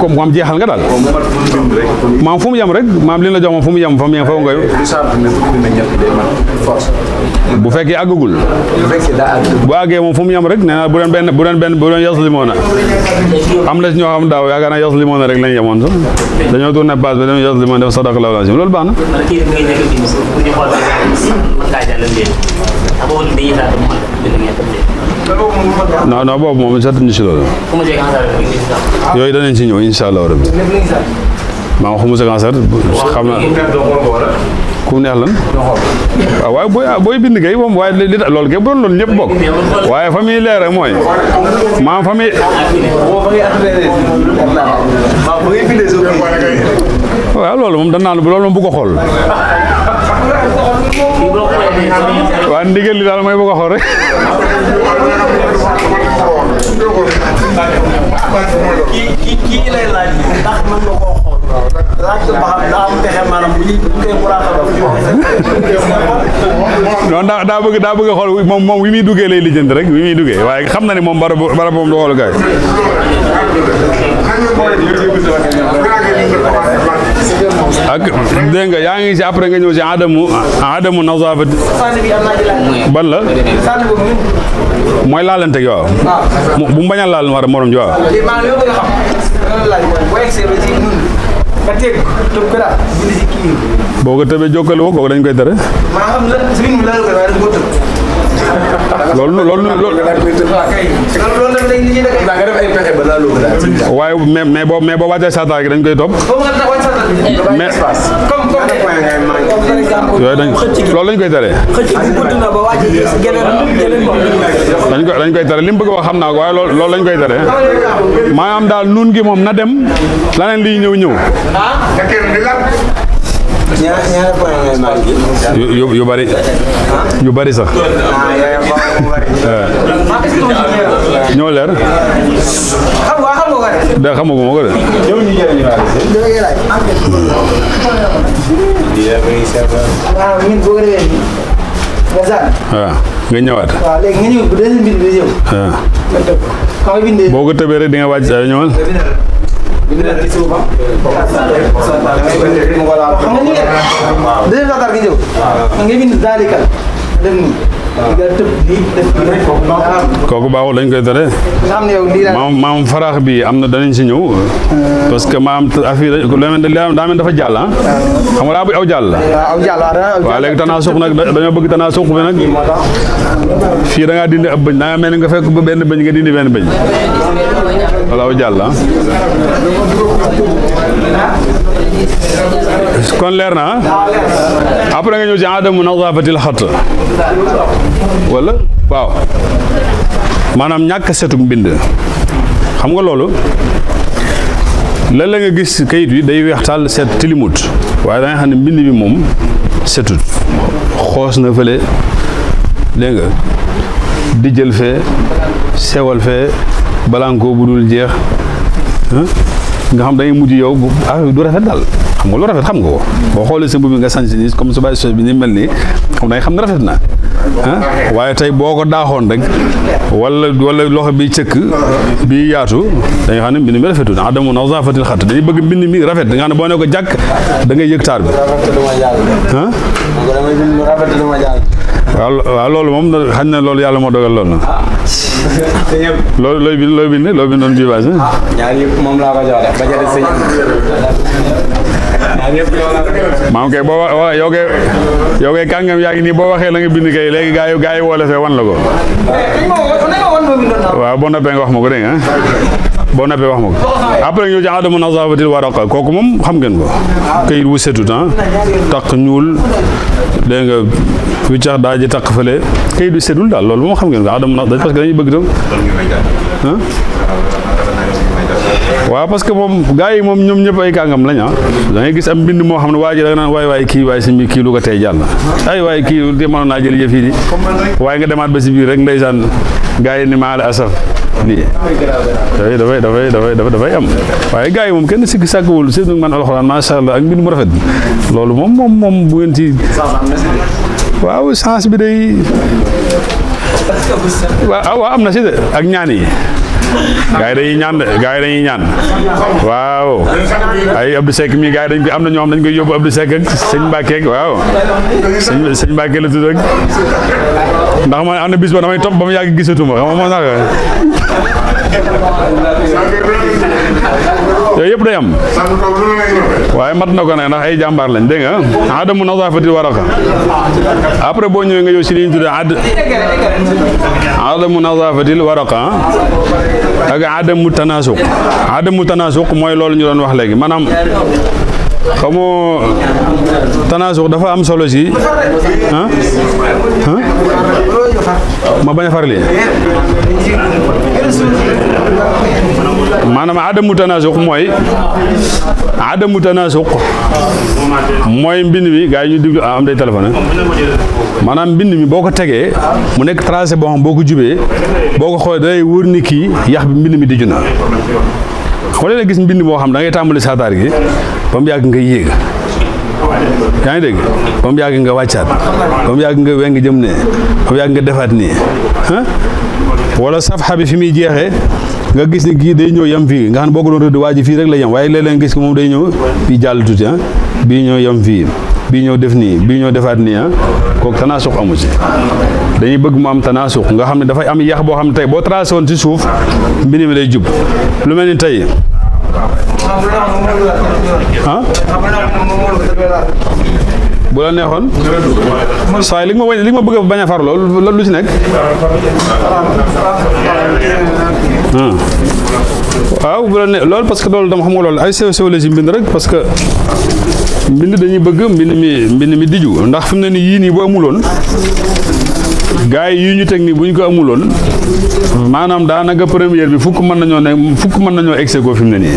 comme maam jeexal nga daal maam fu mu yem rek maam li la jox moom fu mu yem fa mu yem fa nga bu fekkee àggagul bu àggee moom fu mu yem rek nee na bu doon benn bu doon benn bu doon yas limoona am na si ñoo xam daaw yaakaar naa yas limoona rek lañ yemoon sax dañoo tourné base bi dañoo yas limoona def sadaq lawla si loolu baax na non non boobu moom jotuñu si loolu. yooyu danañ si ñëw incha allah rabi. maa ngi xamul sa xam na waaye booy booy bind kay moom waaye li loolu kay bu doon loolu ñëpp bokk. waaye fa muy mooy. maam fa muy. waaw loolu moom danaa loolu moom bu xool. waaw ndigal li daal mooy bu ko xool rek. kii daa bëgg daa bëgg a wi muy duggee lay lijjanti rek wi muy duggee waaye xam na ni moom barabu barabu du xool gaay ak dégg nga yaa ngi si après nga ñëw si adamu adamu nazafat ban la mooy laalante gi waaw bu mu bañ a laal war a morom ji waaw boo ko tëbee jokkale woo kooku dañ koy tere loolu loolu loolu. waaye mais mais boo mais boo wàccee sartaal gi dañ koy topp. mais. yooyu dañ loolu lañ koy tere. dañ dañ koy tere li mu bëgg xam naa ko waaye loolu loolu lañ koy tere. maanaam daal nuun gi moom na dem. laneen li ñëw ñëw. yu yu bari. yu bari sax. Ah, eh. ñoo leer. da xam nga ko de. waaw ah, ah, nga ñëwaat. waaw bi ñëw. boo ko tëbee rek di nga wàcc sa eh, dina ci suuba mu ko laal xam nga ni ngeen deuxième satar gi ñëw nga bind daalikal dem nii kooku baaxul lañ koy tere maam maam faraax bi am na danañ si ñëw parce que maam affaire daa mel dafa jàll ah xam nga daa bu aw jàll la waaw léegi tanaa suq nag dañoo bëgg tanaa suq bi nag fii da ngaa dindi ab bëñ da nga mel ni nga fekk ba benn bëñ nga dindi benn bëñ walaaw jàll ah. kon leer na ah. après nga ñëw ci adamu nadaafatil xat wala waaw maanaam ñàkk setu mbind xam nga loolu lan la nga gis kayit wi day weextaal set tilimut waaye da nga xam ne mbind bi moom setut xoos na fële dégg nga fee sewal fee balankoo bu dul jeex nga xam dañuy mujj yow bu affaire ah, du rafet daal xam nga lu rafet xam nga ko boo xoolee sa mbubb mi nga sanc nii comme su bàyyi sos bi ni mel nii xam dañ xam ne rafet na ah waaye tey boo ko daaxoon rek wala wala loxo bi cëkk bi yaatu dañu xam ne mbind mi rafetul adamu nazaafatil xat dañuy bëgg mbind mi rafet da nga xam ne boo ne ko jàkk da ngay yëg taar bi ah waaw waaw loolu moom xañ na loolu yàlla moo dogal loolu na loolu looy bind looy bind looy bindoon bii moom laa ko jox maam kay boo wax yow kay yow yaa ngi nii boo waxee la nga bind kay léegi gaa yi gaa yi woole wan la ko waaw boo noppee wax ma ko dégg nga boo nappee wax ma ko après ñu jaa adamu nazafatil waraqa kooku moom xam ngeen ko këyit wu setut ah taq ñuul dégg nga wiccax daa ji taq fële këyit wu setul daal loolu moom xam ngeen ko adamu na parce que dañuy bëgg tam ah. waaw parce que moom gars yi moom ñoom ñëpp ay kàngam lañ ah da gis am mbind moo xam ne waa ji da nga naan waay waay kii waay si mbi kii lu ko tey jàll ay waay kii te mënoon naa jël yëf yi di waaye nga demaat ba si biir rek ndeysaan gars yi ni maa la asaf nii dafay dafay dafay dafay am waaye gars yi moom kenn sikki sàkkawul seen man alxuraan macha mu rafet bi loolu moom moom moom bu ngeen ci waaw chance bi day waaw am na si ak ñaan yi gaa ñaan de yi dañuy ñaan waaw ay Abdou Seck mii gaa yi dañ am na ñoo xam dañ ko yóbbu Abdou Seck ak sëñ Mbacke ak waaw sëñ sëñ Mbacke la ndax man am na bis ba damay topp ba mu yàgg gisatuma xam yëpp day am waaye mat na ko nag ndax ay jàmbaar lañ dégg nga adamu nazaafati waraka après boo ñëwee nga ñëw si li ñu tuddee ad adamu nazaafatil waraka ak adamu tanaasuq adamu tanaasuq mooy loolu ñu doon wax léegi maanaam xamoo tanaasuux dafa am solo si ah, ah, ma bañ a farli maanaam adamu tanaasuq moy adamu tanaasuq mooy mbind mi gars yi ñu diglu ah, am day téléphone maanaam mbind mi boo ko tegee mu nekk tracé boo boo ko jubee boo ko xoolee day wóor ni kii yax bi mbind mi di junna boo leen gis mbind moo xam da ngay tàmbali saataar gi ba mu yàgg nga yéeg yaa ngi dégg ba mu yàgg nga wàccaat ba mu yàgg nga weng jëm ne ba mu yàgg nga defaat nii ah wala safxa fi muy jeexee nga gis ni kii day ñëw yem fii nga xam ne boo doon rëdd waa ji fii rek la yem waaye léeg-léeg gis ko moom day ñëw fii jàll tuuti ah bii ñëw yem fii bii ñëw def nii bii ñëw defaat nii ah kooku tanaa suq amu ci dañuy bëgg mu am tanaasuux nga xam ne dafay am yax boo xam ne tey boo tracé si ci suuf mbind mi lay jub lu mel ni tey ah bu la neexoon saa yi li ma bëgg bañ a far loolu lu si nekk ah. waaw bu la ne loolu parce que loolu dama xam nga ay sew sew la ci mbind rek parce que mbind dañuy bëgg mbind mi mbind mi diju ndax fi ne nii yii nii bu amuloon gars yi ñu teg nii bu ñu ko amuloon maanaam daanaka première bi fukk mën nañoo ne fukk mën nañoo egg ko fi mu ne nii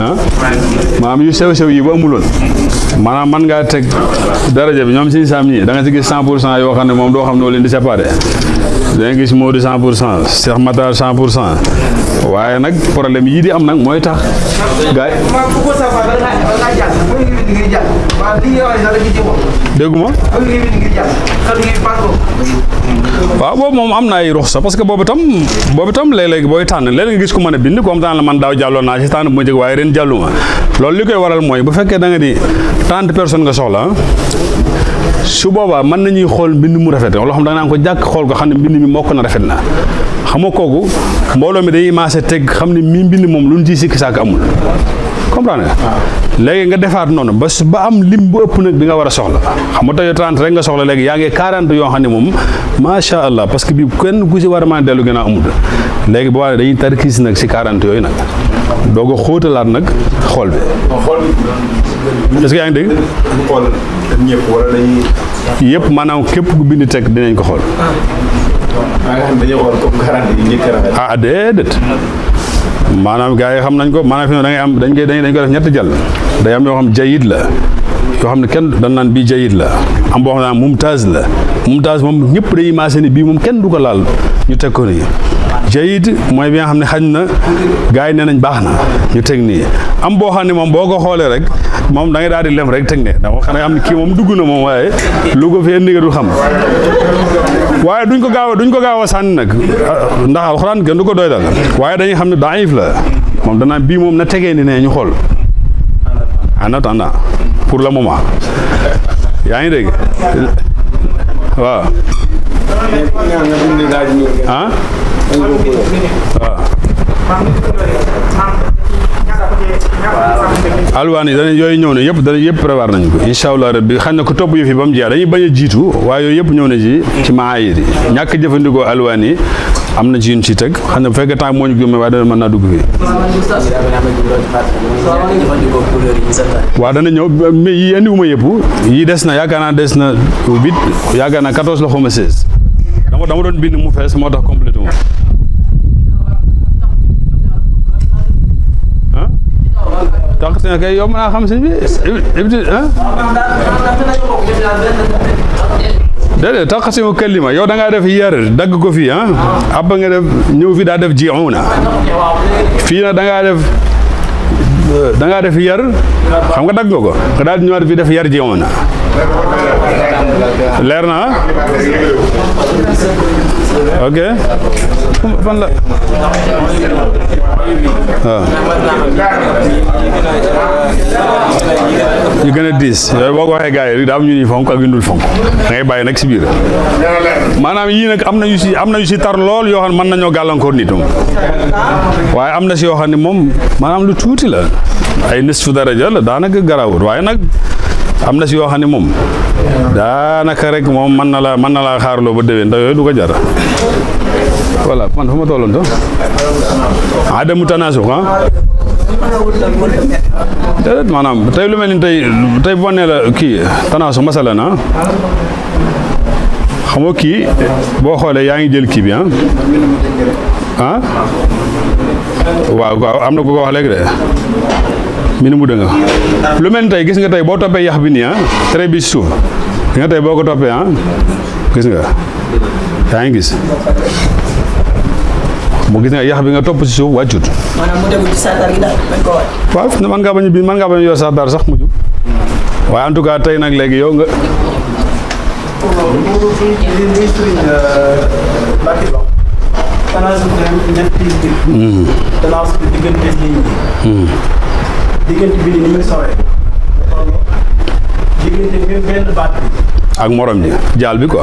ah maanaam yu sew sew yi bu amuloon maanaam man ngaa teg daraja bi ñoom si sam ñi da nga si gis cent pour cent yoo xam ne moom doo xam noo leen di séparé da nga gis moo di cent pour cent Cheikh Matar cent pour cent waaye nag problème yii di am nag mooy tax yi di waaw ma ak li boobu moom am na ay ruux sax parce boobu tam boobu tam léeg-léeg booy tànn léeg nga gis ku mën a bind comme daan la man daaw jàlloon naa si tànn bu ma jëg waaye ren jàllu ma loolu li koy waral mooy bu fekkee da nga ni trente personnes nga soxla su boobaa mën nañuy xool mbind mu rafet loo xam da nga naan ko jàkk xool ko xam ne mbind mi mokk na rafet na xam nga kooku mbooloo mi day maase teg xam ne mii mbind moom lu ñu ciy sikki saak amul comprendre nga. léegi nga defaat noonu ba ba am lim bu ëpp nag bi nga war a soxla xam nga tey 30 rek nga soxla léegi yaa ngi 40 yoo xam ne moom macha allah parce que bi kenn ku si war a mën a dellu gën a amul léegi boo xam ne dañuy tarkiis nag si 40 yooyu nag doog a xóotalaat nag xool bi. est-ce que yaa ngi dégg. yëpp maanaam képp ku bind teg dinañ ko xool. ah, ah, ah déedéet maanaam gars yi xam nañ ko maanaam fi da ngay am dañ koy dañ ko def ñetti jàll day am yoo xam jayid la yoo xam ne kenn dañ naan bii jayid la am boo xam ne mumtaz la mumtaz moom ñëpp day maase ni bii moom kenn du ko laal ñu teg ko nii jayid mooy bi nga xam ne xañ na gars yi nee nañ baax na ñu teg nii am boo xam ne moom boo ko xoolee rek moom da ngay daal di lem rek teg ne da nga xanaa kii moom dugg na moom waaye lu fi indi nga du xam waaye duñ ko gaaw a duñ ko gaaw a sànni nag ndax alxuraan kenn du ko doy dal waaye dañuy xam ne daif la moom danaa bii moom na tegee ni ne ñu xool en attendant pour le moment yaa ngi dégg waaw ah waaw alwaan yi dana yooyu ñëw ne yëpp dana yëpp prévoir nañu ko incha allah rabbi xam na ko topp yëf yi ba mu jeex dañuy bañ jiitu waaye yooyu yëpp ñëw na ci ci maayir yi ñàkk jëfandikoo alwaan yi am na ci yuñ ci teg xam ne bu fekkee temps moo ñu gëmee waaye dana mën naa waaw dana ñëw mais yi andi wu ma yi des na yaakaar naa des na huit yaakaar naa quatorze la xaw seize dama doon bind mu fees moo tax complété tànq si kay yow naa xam sëñ bi ibti ah déedéet mu kalima yow da ngaa def yar dagg ko fii ah abba nga def ñëw fi daa def jiuna fii na da ngaa def da ngaa def yar xam nga dagg ko nga fi def yar jiuna leer na ok fan la ñu gën a diis yooyu boo ko waxee gars yi daa ñu ñuy fonk a ñu dul fonk da ngay bàyyi nag si biir maanaam yii nag am na yu si am na yu si tar lool yoo xam ne mën nañoo gàllankoor nit moom waaye am na si yoo xam ne moom maanaam lu tuuti la ay nisfu daraja la daanaka garaawut waaye nag am na si yoo xam ne moom daanaka rek moom mën na laa mën na laa xaarloo ba déwén ndax yooyu du ko jar voilà man fu ma tolloon sax adamu tanaasuq ah déedéet lu mel ni tey tey bu la kii tanaasuq masalan ah xam nga kii boo xoolee yaa ngi jël kii bi ah ah waaw waaw am na ku ko wax de mi ni mu dënga lu mel ni tey gis nga tey boo toppee yax bi nii ah très bi suuf gis nga tey boo ko toppee ah gis nga yaa ngi gis mu gis nga yax bi nga topp ci suuf wàccut. maanaam mu tegu ci ngaa bañ a bi ngaa bañ a yor sardar sax waaye en tout cas tey nag léegi yow nga. ak morom bi jaal bi quoi.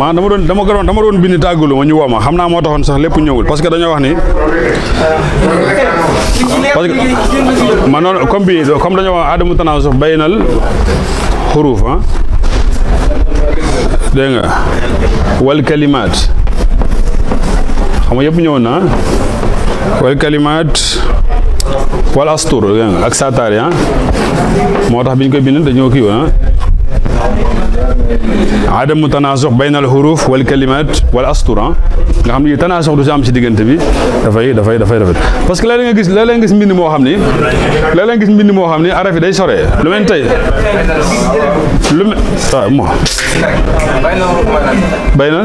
maa dama doon dama doon dama doon bind tàggalu ma ñu woo xam naa moo taxoon sax lépp ñëwul parce que dañoo wax ni. parce que ma comme bi comme dañoo wax Adamu Tanaaw sax baynal xuruuf ah dégg nga wal kalimaat xam nga yëpp ñëw na ah. wal kalimaat wal astur dégg nga ak saataar ah. moo tax bi ñu koy bind dañoo kii woon ah. adamu tanaasux bayna al xuruf wal kalimat wal asturan ah. nga xam ne tanaasux du si am si diggante bi dafay dafay dafay rafet parce que léeg-léeg nga gis léeg-léeg nga gis mbind moo xam ni léeg-léeg nga gis mbind moo xam ni araf yi day sore lu mel tey lu mel waaw mo bay na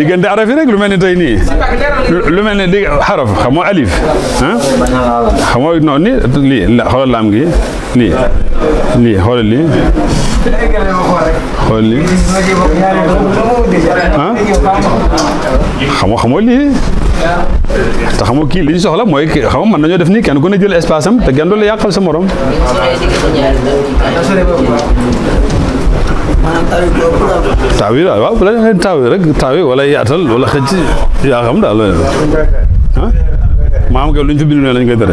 diggante araf yi rek lu mel ni tey nii lu mel ni di xaraf xamoo alif ah xamoo noonu ni lii xoolal laam gi lii lii xoolal lii xoolal lii ah xamoo xamoo lii te kii li ñu soxla mooy xam nga mën nañoo def nii kenn ku ne jël espace am te kenn du yàqal sa morom. taaw yi daal waaw bu la defee rek taaw yi wala yaatal xëcc yaa daal ah? maam nga lu ñu fi bindu ne lañ koy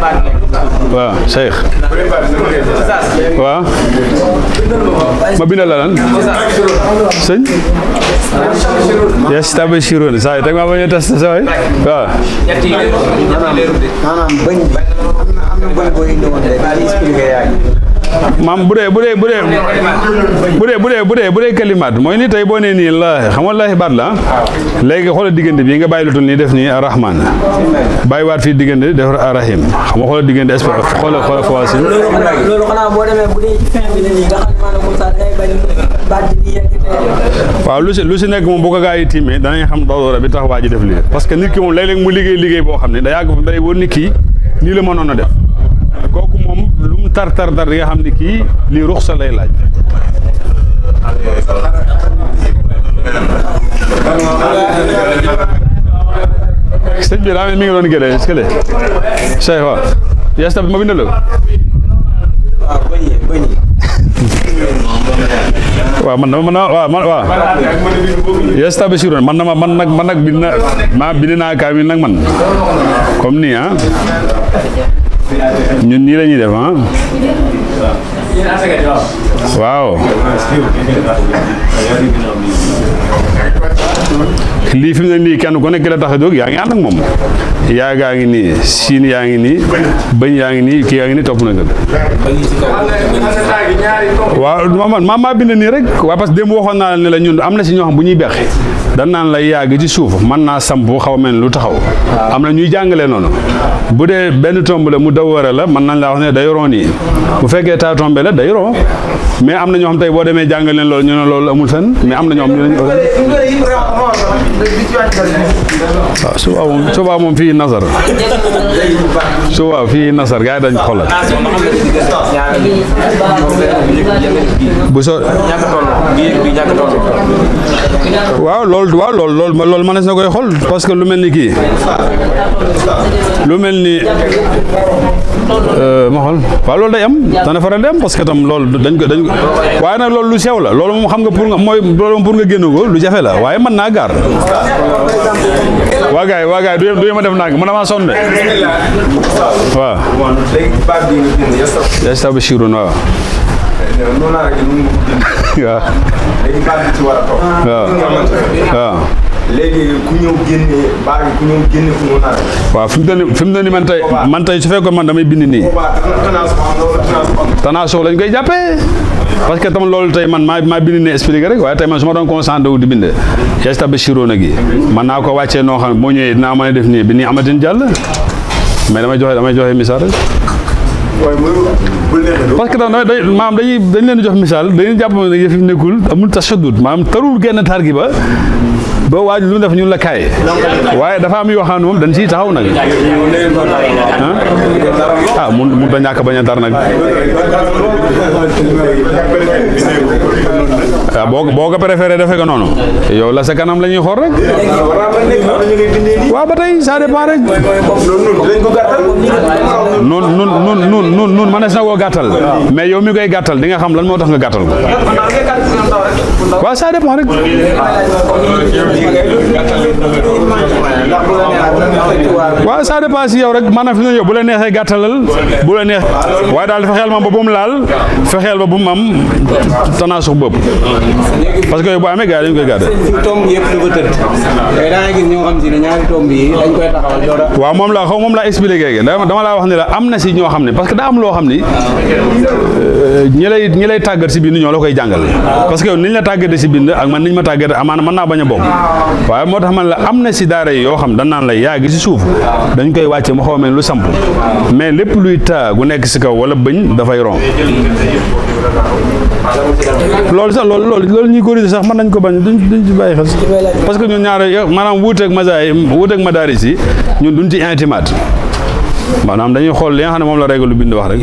waaw Cheikh waaw ma bindal la lan sëñ yes tabe siroon saa yi teg maa bañ a tas saa yi waaw maanaam bañ am na bañ boo indiwoon rek expliqué yaa ngi maam bu dee bu dee bu dee bu dee bu dee bu dee bu dee kalimaat mooy ni tey boo nee nii laahi xam nga laahi baat la ah. léegi xoolal diggante bi nga bàyyi lutul nii def nii arrahman bàyyiwaat fii diggante def arrahim xam bu dee xam maanaam comme ça day bañ baat bi yegg waaw lu si si nekk moom bu ko gaa yi tiimee danañ xam doodoora bi waa ji parce que nit ki moom léeg mu liggéey liggéey boo xam ne da yàgg fa mbéy woon ni kii nii la mënoon a def kooku moom tar tar dar di nga xam ne kii lii ruxsa lay laaj sëñ bi daa mel mi ngi doon gële est-ce que le Cheikh waaw yaa sab ma bind la ko waaw mën a man waaw man nag man nag bind naa maa bind naa kaamil nag man comme nii ah ñun nii la ñuy def ah. waaw. lii fi mu ne nii kenn ku nekk la tax a jóg yaa ngi ànd ak moom. yaa gaa ngi nii siin yaa ngi nii bëñ yaa ngi nii kii yaa ngi nii topp nañ la. waaw man maa maa bind nii rek waaw parce que démb waxoon naa ne la ñun am na si ñoo xam bu ñuy beqi dan naan lay yàgg ci suuf man naa sampu xaw mel lu taxaw am na ñuy jàngale noonu bu dee benn tomb la mu daw wara la man nañ laa wax ne day roon yi bu fekkee taa tombe la day roon mais am na ñoo xam tey boo demee jàngal leen loolu ñu ne loolu amul fenn mais am na ñoo xam ñu ne waaw nasar suba fii nasar gars yi dañ xoolal bu so waaw loolu waaw loolu loolu loolu mënees na koy xool parce que lu mel ni kii lu mel ni euh, ma xool waaw loolu day am dana faral di am parce tam loolu dañ ko dañ ko waaye nag loolu lu sew la loolu moom xam nga pour nga mooy loolu moom pour nga génn ko lu jafe la waaye mën naa gaar waa gars yi waa gars yi du yema def nang man maa sonn de waaw yastabshirun [laughs] waaw waaw léegi ku ñëw génne baag ku ñëw génne fu mu nar waaw fi mu toll nii fi mu toll bind nii tanaaso lañ koy jàppee parce que tam loolu tey man maa maa bind ne expliqué rek waaye tey man su ma doon concentré wu di binde yastabshiruuna gi man naa ko wàccee noo xam ne boo ñëwee dinaa mën a def nii bi nii amatin jàll mais damay joxe damay joxe misaal rek parce que tam maam dañu dañ leen di jox misaal dañuy jàpp ne yëf yi nekkul amul tasaddud maam tarul genn tar gi ba doo waaj lu def ñun la kaay waaye dafa am yoo xam ne moom dañ ciy taxaw nag ah mun ta ñàkk bañ a dar nag waaw ah, boo boo ko préféré defee ko noonu yow la sa kanam la ñuy xool rek waaw ba tey ça dépend rek nun nun nun nun nun nun gàttal mais yow mi koy gàttal di nga xam lan moo tax nga gàttal waa ça dépend rek. Ah. waaw ça dépend si yow rek maanaam fi mu ne bu la neexee gàttalal bu la neex waaye daal fexeel ma ba bu mu laal fexeel ba bu mu am tanaasux bopp parce que bu amee gars dañu koy gàdde. tomb yëpp dafa si ne ñaari yi dañ koy taxawal. waaw moom laa xaw moom laa expliqué dama laa wax ne la am na si ñoo xam ne parce que daa am loo xam ni euh, ñi lay ñi lay tàggat si bind ñoo la koy jàngal parce que niñ la tàggatee si bind ak man niñ ma tàggatee amaana mën naa bañ a bokk waaye moo tax man na si daara yoo xam dañ naan la yaa gi ci suuf dañ koy wàcce mu xaw lu samp mais lépp luy taa gu nekk ci kaw wala bëñ dafay ron loolu sax lool lool ñuy corriger sax mën nañ ko bañ duñ duñ ci bàyyi xel parce que ñun ñaare maanaam wuuteeg masaay wuuteeg madaaris ñun duñ ci intimaat maanaam dañuy xool li nga xam ne moom la règle lu bind wax rek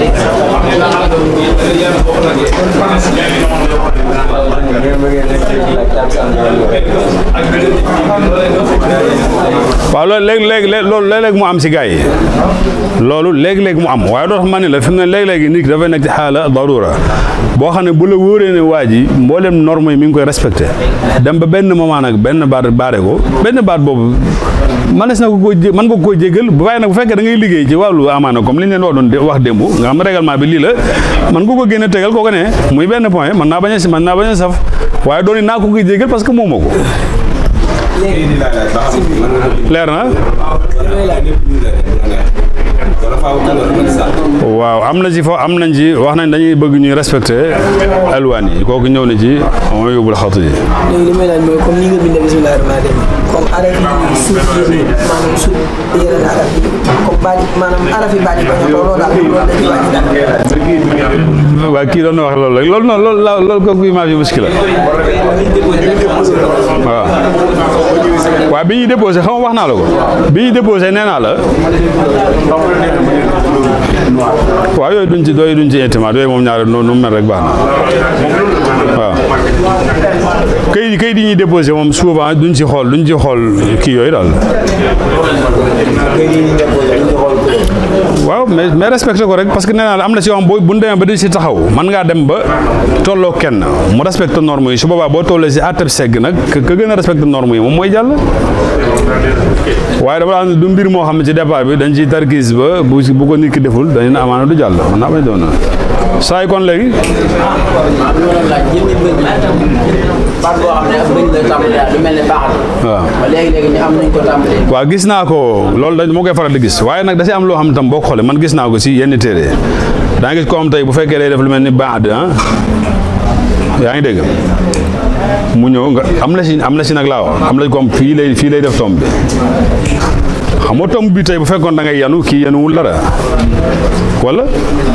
waaw loolu léeg-léeg loolu léeg-léeg mu am si gaay yi loolu léeg-léeg mu am waaye doo tax ma ne la fi mu ne léeg-léeg nit ki dafay nekk ci xaala darura boo xam ne bu la wóoree ne waa ji mboolem norme yi mi ngi koy respecté dem ba benn moment nag benn baat baare ko benn baat boobu mënees na ko koo man ko koo jégal bu waaye nag bu fekkee da ngay liggéey ci wàllu amaana comme li ñu leen wax doon wax démb nga xam règlement bi lii la mën nga ko génne tegal koo ko ne muy benn point mën naa bañ a si naa bañ a saf waaye doon naa ko koy jégal parce que moomoo ko leer na waaw am na ci foo am nañ ci wax nañ dañuy bëgg ñu respecté alwaan yi kooku ñëw na ci moo yóbbul xatu yi. léegi kii doon na wax loolu rek loolu noonu maa fi muskila waaw bi ñuy déposé xam wax naa la ko bi ñuy déposé nee naa la waaw yooyu duñ ci doy duñ ci intimat yooyu moom ñaare noonu mel rek baax na waaw kay kay di ñu déposé moom souvent duñ si xool duñ si xool kii yooyu daal. waaw mais mais respecté ko rek parce que nee naa la am na si yoo xam boo bu ñu demee ba di si taxaw man ngaa dem ba tolloo kenn mu respecté norme yi su boobaa boo tollee si àttab segg nag ka gën a respecté norme yi moom mooy jàll. waaye dama la du mbir moo xam ne ci départ bi dañ ciy tarkiis ba bu bu ko nit ki deful dañu ne amaana du jàll man naa bañ doon saa yi kon léegi. waa waaw gis naa ko loolu da moo koy faral di gis waaye nag da si am loo xam ne tam boo ko xoolee man gis naa ko si yenn téere daa ngi ko am tey bu fekkee day def lu mel ni baax ah yaa ngi dégg mu ñëw nga am na si am na si nag laa wax am na ko am fii lay fii lay def tomb bi. xam nga tomb bi tey bu fekkoon da ngay yanu kii yanuwul dara walla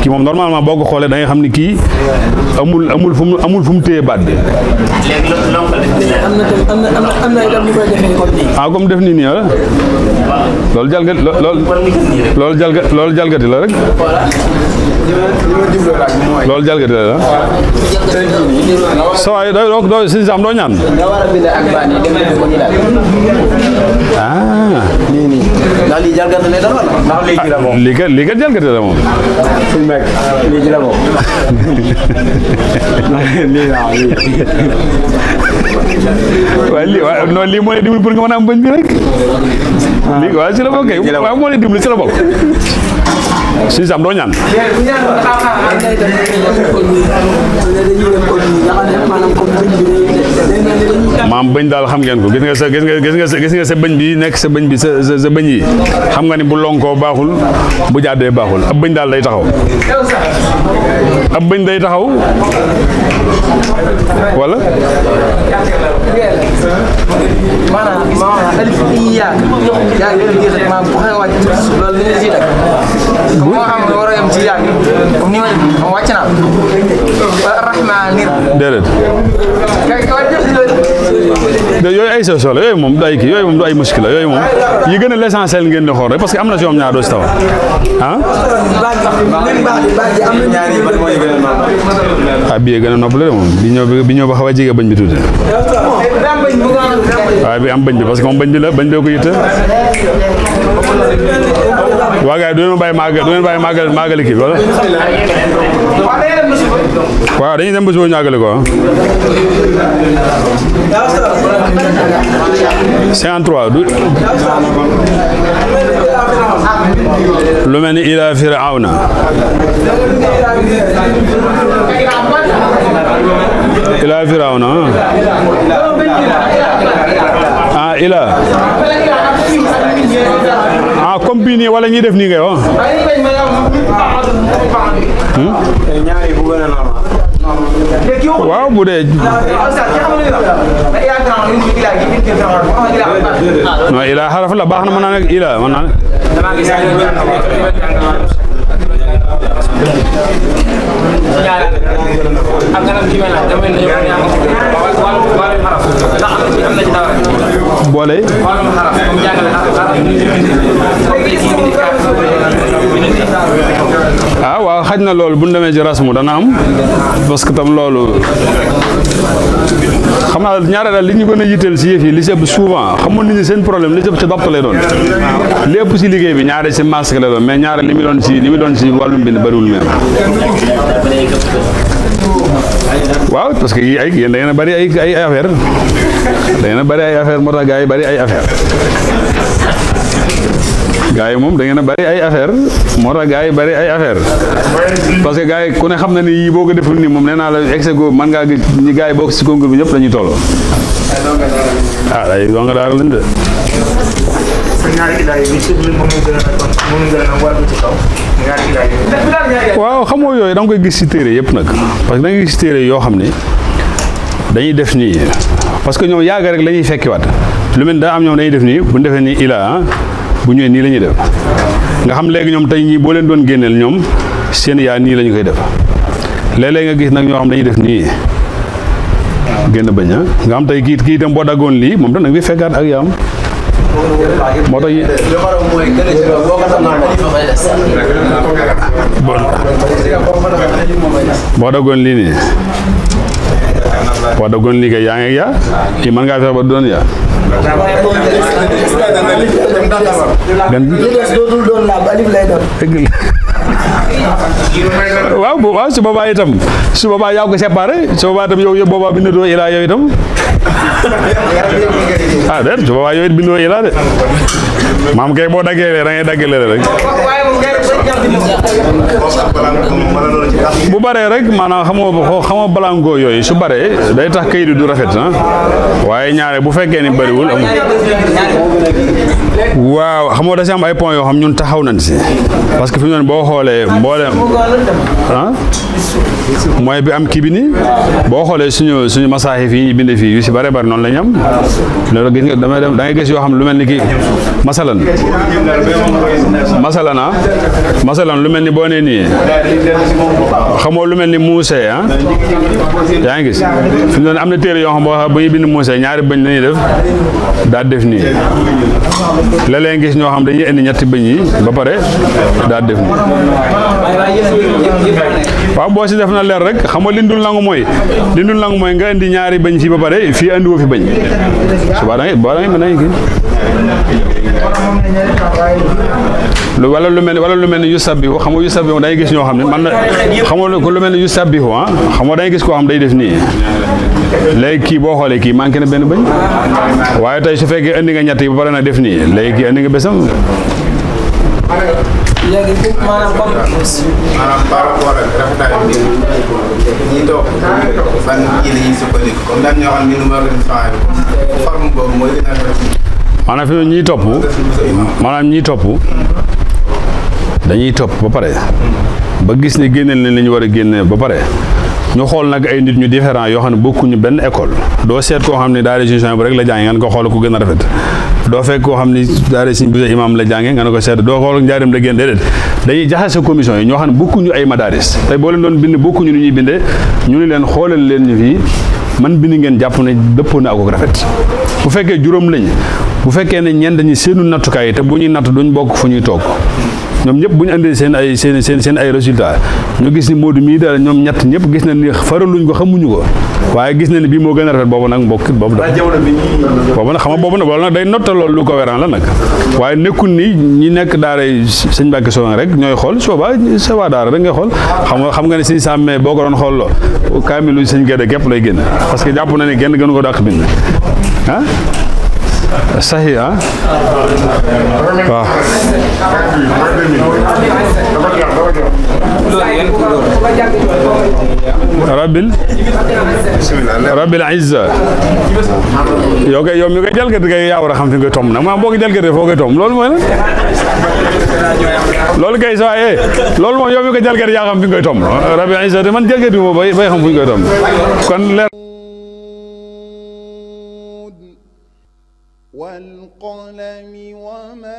kii moom normalement boo ko xoolee dangay xam ne kii amul amul fu mu amul fu mu téye baat bi. léegi ah comme def nii nii ah. loolu jalgati loolu. loolu jalgati loolu la rek. loolu jalgati la la. Ah. sa waay doo doo doo si doo ñaan. ah. ndax lii jalgati lay dal wala. ndax lii ci la moom lii kat lii kat jalgati la moom. suñ meeg lii ci la moom. [laughs] lii waaw lii. waaye lii waaye non lii moo lay dimbali pour nga mën a am bëñ bi rek. Ah. lii waaw ci la bokk kay waaw moo lay dimbali ci la bokk. si sam doo ñaan. ñaan maam bëñ daal xam ngeen ko gis nga sa gis sa gis bëñ bi nekk sa bëñ bi sa bëñ yi xam nga ni bu lonkoo baaxul bu jàddee baaxul ab bëñ daal day taxaw ab bëñ day taxaw wala bu ma xam nga war a yem ci yaa ngi comme ni ma yooyu ay soo soxla yooyu moom du ay yooyu moom du ay muskila yooyu moom yi gën a l'essentiel ngeen di xool rek parce que am na si yoom ñaar doo si taw ah. ah bii gën a noppale de moom bi ñëw bi ñëw ba a bañ bi tuuti. waaye bi am bañ bi parce que moom bañ bi la bañ bee ko yitte. waa gars yi du leen bàyyi màggal du leen bàyyi màggal màggali kii wala waaw dañuy dem ba suba ñu àggale ko 53 ah. du lu mel ni ila firawna ila firawna ah, ah ila comme bii def nii ngay wax. Hmm? waaw bu dee. la baax na mën naa nekk Ila boole. ah waaw xaj na loolu bu ñu demee ci rasmu dana am parce tam loolu xam naa ñaare daal li ñu gën a yitteel si yëf li si ëpp souvent xamoon nit ñi seen problème li si si dapp lay doon. li si liggéey bi ñaare si masque la doon mais ñaare li mu doon si li leen bind bariwul meen waaw parce que ay yéen da ngeen a bari ay affaire a bari ay moo tax gaa yi bari ay affaire gaa yi moom da ngeen a bari ay affaire moo tax gaa yi bari ay affaire parce gaa yi ku ne xam na ni yii boo ko deful nii moom nee la exego man ngaa gis ñi gaa yi bokk si concours bi ñëpp dañuy tolloo ah day donga daara lañ de waaw xam nga yooyu danga koy gis ci téere yëpp nag parce que da gis ci téere yoo xam ne dañuy def nii parce que ñoom yàgg rek lañuy ñuy fekkiwaat lu mel daa am ñoom dañuy def nii bu ñu defee nii ilaa ah, bu ñëwee nii la ñuy def nga xam léegi ñoom tey ñii boo leen doon génneel ñoom seen yaa nii lañu ñu koy def léeg nga gis nag ñoo xam dañuy def nii génn bañ ah. nga xam tey kii kii itam boo daggoon lii moom tam da nga fekkaat ak yaam moo tax boo doggoon lii nii boo doggoon lii kay yaa ngi yaa kii mën ngaa fexe ba doon yaa waaw waaw su boobaa itam su boobaa yaa ko séparé su boobaa itam yow yow boobaa bindoo ilaa yow itam [laughs] ah déet su boobaa yow it bindoo ilaa de maam kay boo daggeelee da ngay daggelee rek bu baree rek maanaa xamoo ko balangoo yooyu su baree day tax kayit du rafet ah waaye ñaare bu fekkee ni bariwul amul waaw xamoo da si am ay point yoo xam ñun taxaw nañ si parce que fi mu boo xoolee mbooleem ah mooy bi am kii bi nii boo xoolee suñu suñu masaahif yi ñu binde fii yu si bare bari noonu la ñu am loolu gis nga dama dem da gis yoo xam ne lu mel ni kii masalan masalan lu mel ni boo nee nii xamoo lu mel ni muuse ah? ngi gis fi am na téere yoo xam boo bind muuse ñaari bëñ la def daal def nii la leen gis ñoo xam dañuy indi ñetti bëñ yi ba pare daal def nii waaw boo si def na leer rek xam nga lindul nangu mooy lindul nangu mooy nga indi ñaari bañ fii ba pare fii indi fi bañ subaa da ngay boo da ngay mën a yëg lu mel ni wala lu mel ni yu sabbihu xam nga yu sabbihu dangay gis ñoo xam ne man na xam nga lu mel ni yu sabbihu ah xam nga dangay gis koo xam day def nii léegi kii boo xoolee kii manqué na benn bañ waaye tey su fekkee indi nga ñett yi ba pare na def nii léegi kii indi nga bésam léegi pour ñuy toog maanaam ñuy topp maanaam ñiy topp dañuy topp ba pare ba gis ne génneel nañ li ñu war a génne ba pare ñu xool nag ay nit ñu différent yoo xam ne bokkuñu benn école doo seet koo xam ne daal di région bu rek la jàng ngeen ko xool ko gën a rafet. doo fekk koo xam ni daara siñ buse imam la jànge nga ne ko seet doo xool njaarim la génn déedéet dañuy jaxase commission yi ñoo xam ne bokkuñu ay madaris tey boo leen doon bind bokkuñu ni ñuy bindee ñu ni leen xoolal leen ñu fii man bind ngeen jàpp nañ dëppoo na ak rafet bu fekkee juróom lañ bu fekkee ne ñenn dañuy seenu nattukaay te bu ñuy natt duñ bokk fu ñuy toog ñoom ñëpp bu ñu andee seen ay seen seen seen ay résultats ñu gis ni Modou mii daal ñoom ñett ñëpp gis nañ ni faraluñ ko xamuñu ko waaye gis nañ ni bii moo gën a rafet boobu nag mbokk boobu da boobu nag xam nga boobu nag loolu nag day notta loolu lu cohérent la nag waaye nekkul ni ñi nekk daara sëñ Mbàkke Soobaan rek ñooy xool sooba sa waa daara rek ngay xool xam nga xam nga ne sëñ Sàmmee boo ko doon xool kaamilu sëñ Gédé gépp lay génn parce que jàpp na ne genn gënu ko dàq bind ah, ah rabbil rabbil izza yow kay yow mi koy jalgati kay yaa war a xam fi nga tom nag maanaam boo ko jalgatee foo koy tom loolu mooy la loolu kay sa waaye loolu moom yow mi ko jalgati yaa xam fi nga koy tom rabbil izza de man jalgati moom bay bay xam fu ñu koy tom kon leer wal qalami wa ma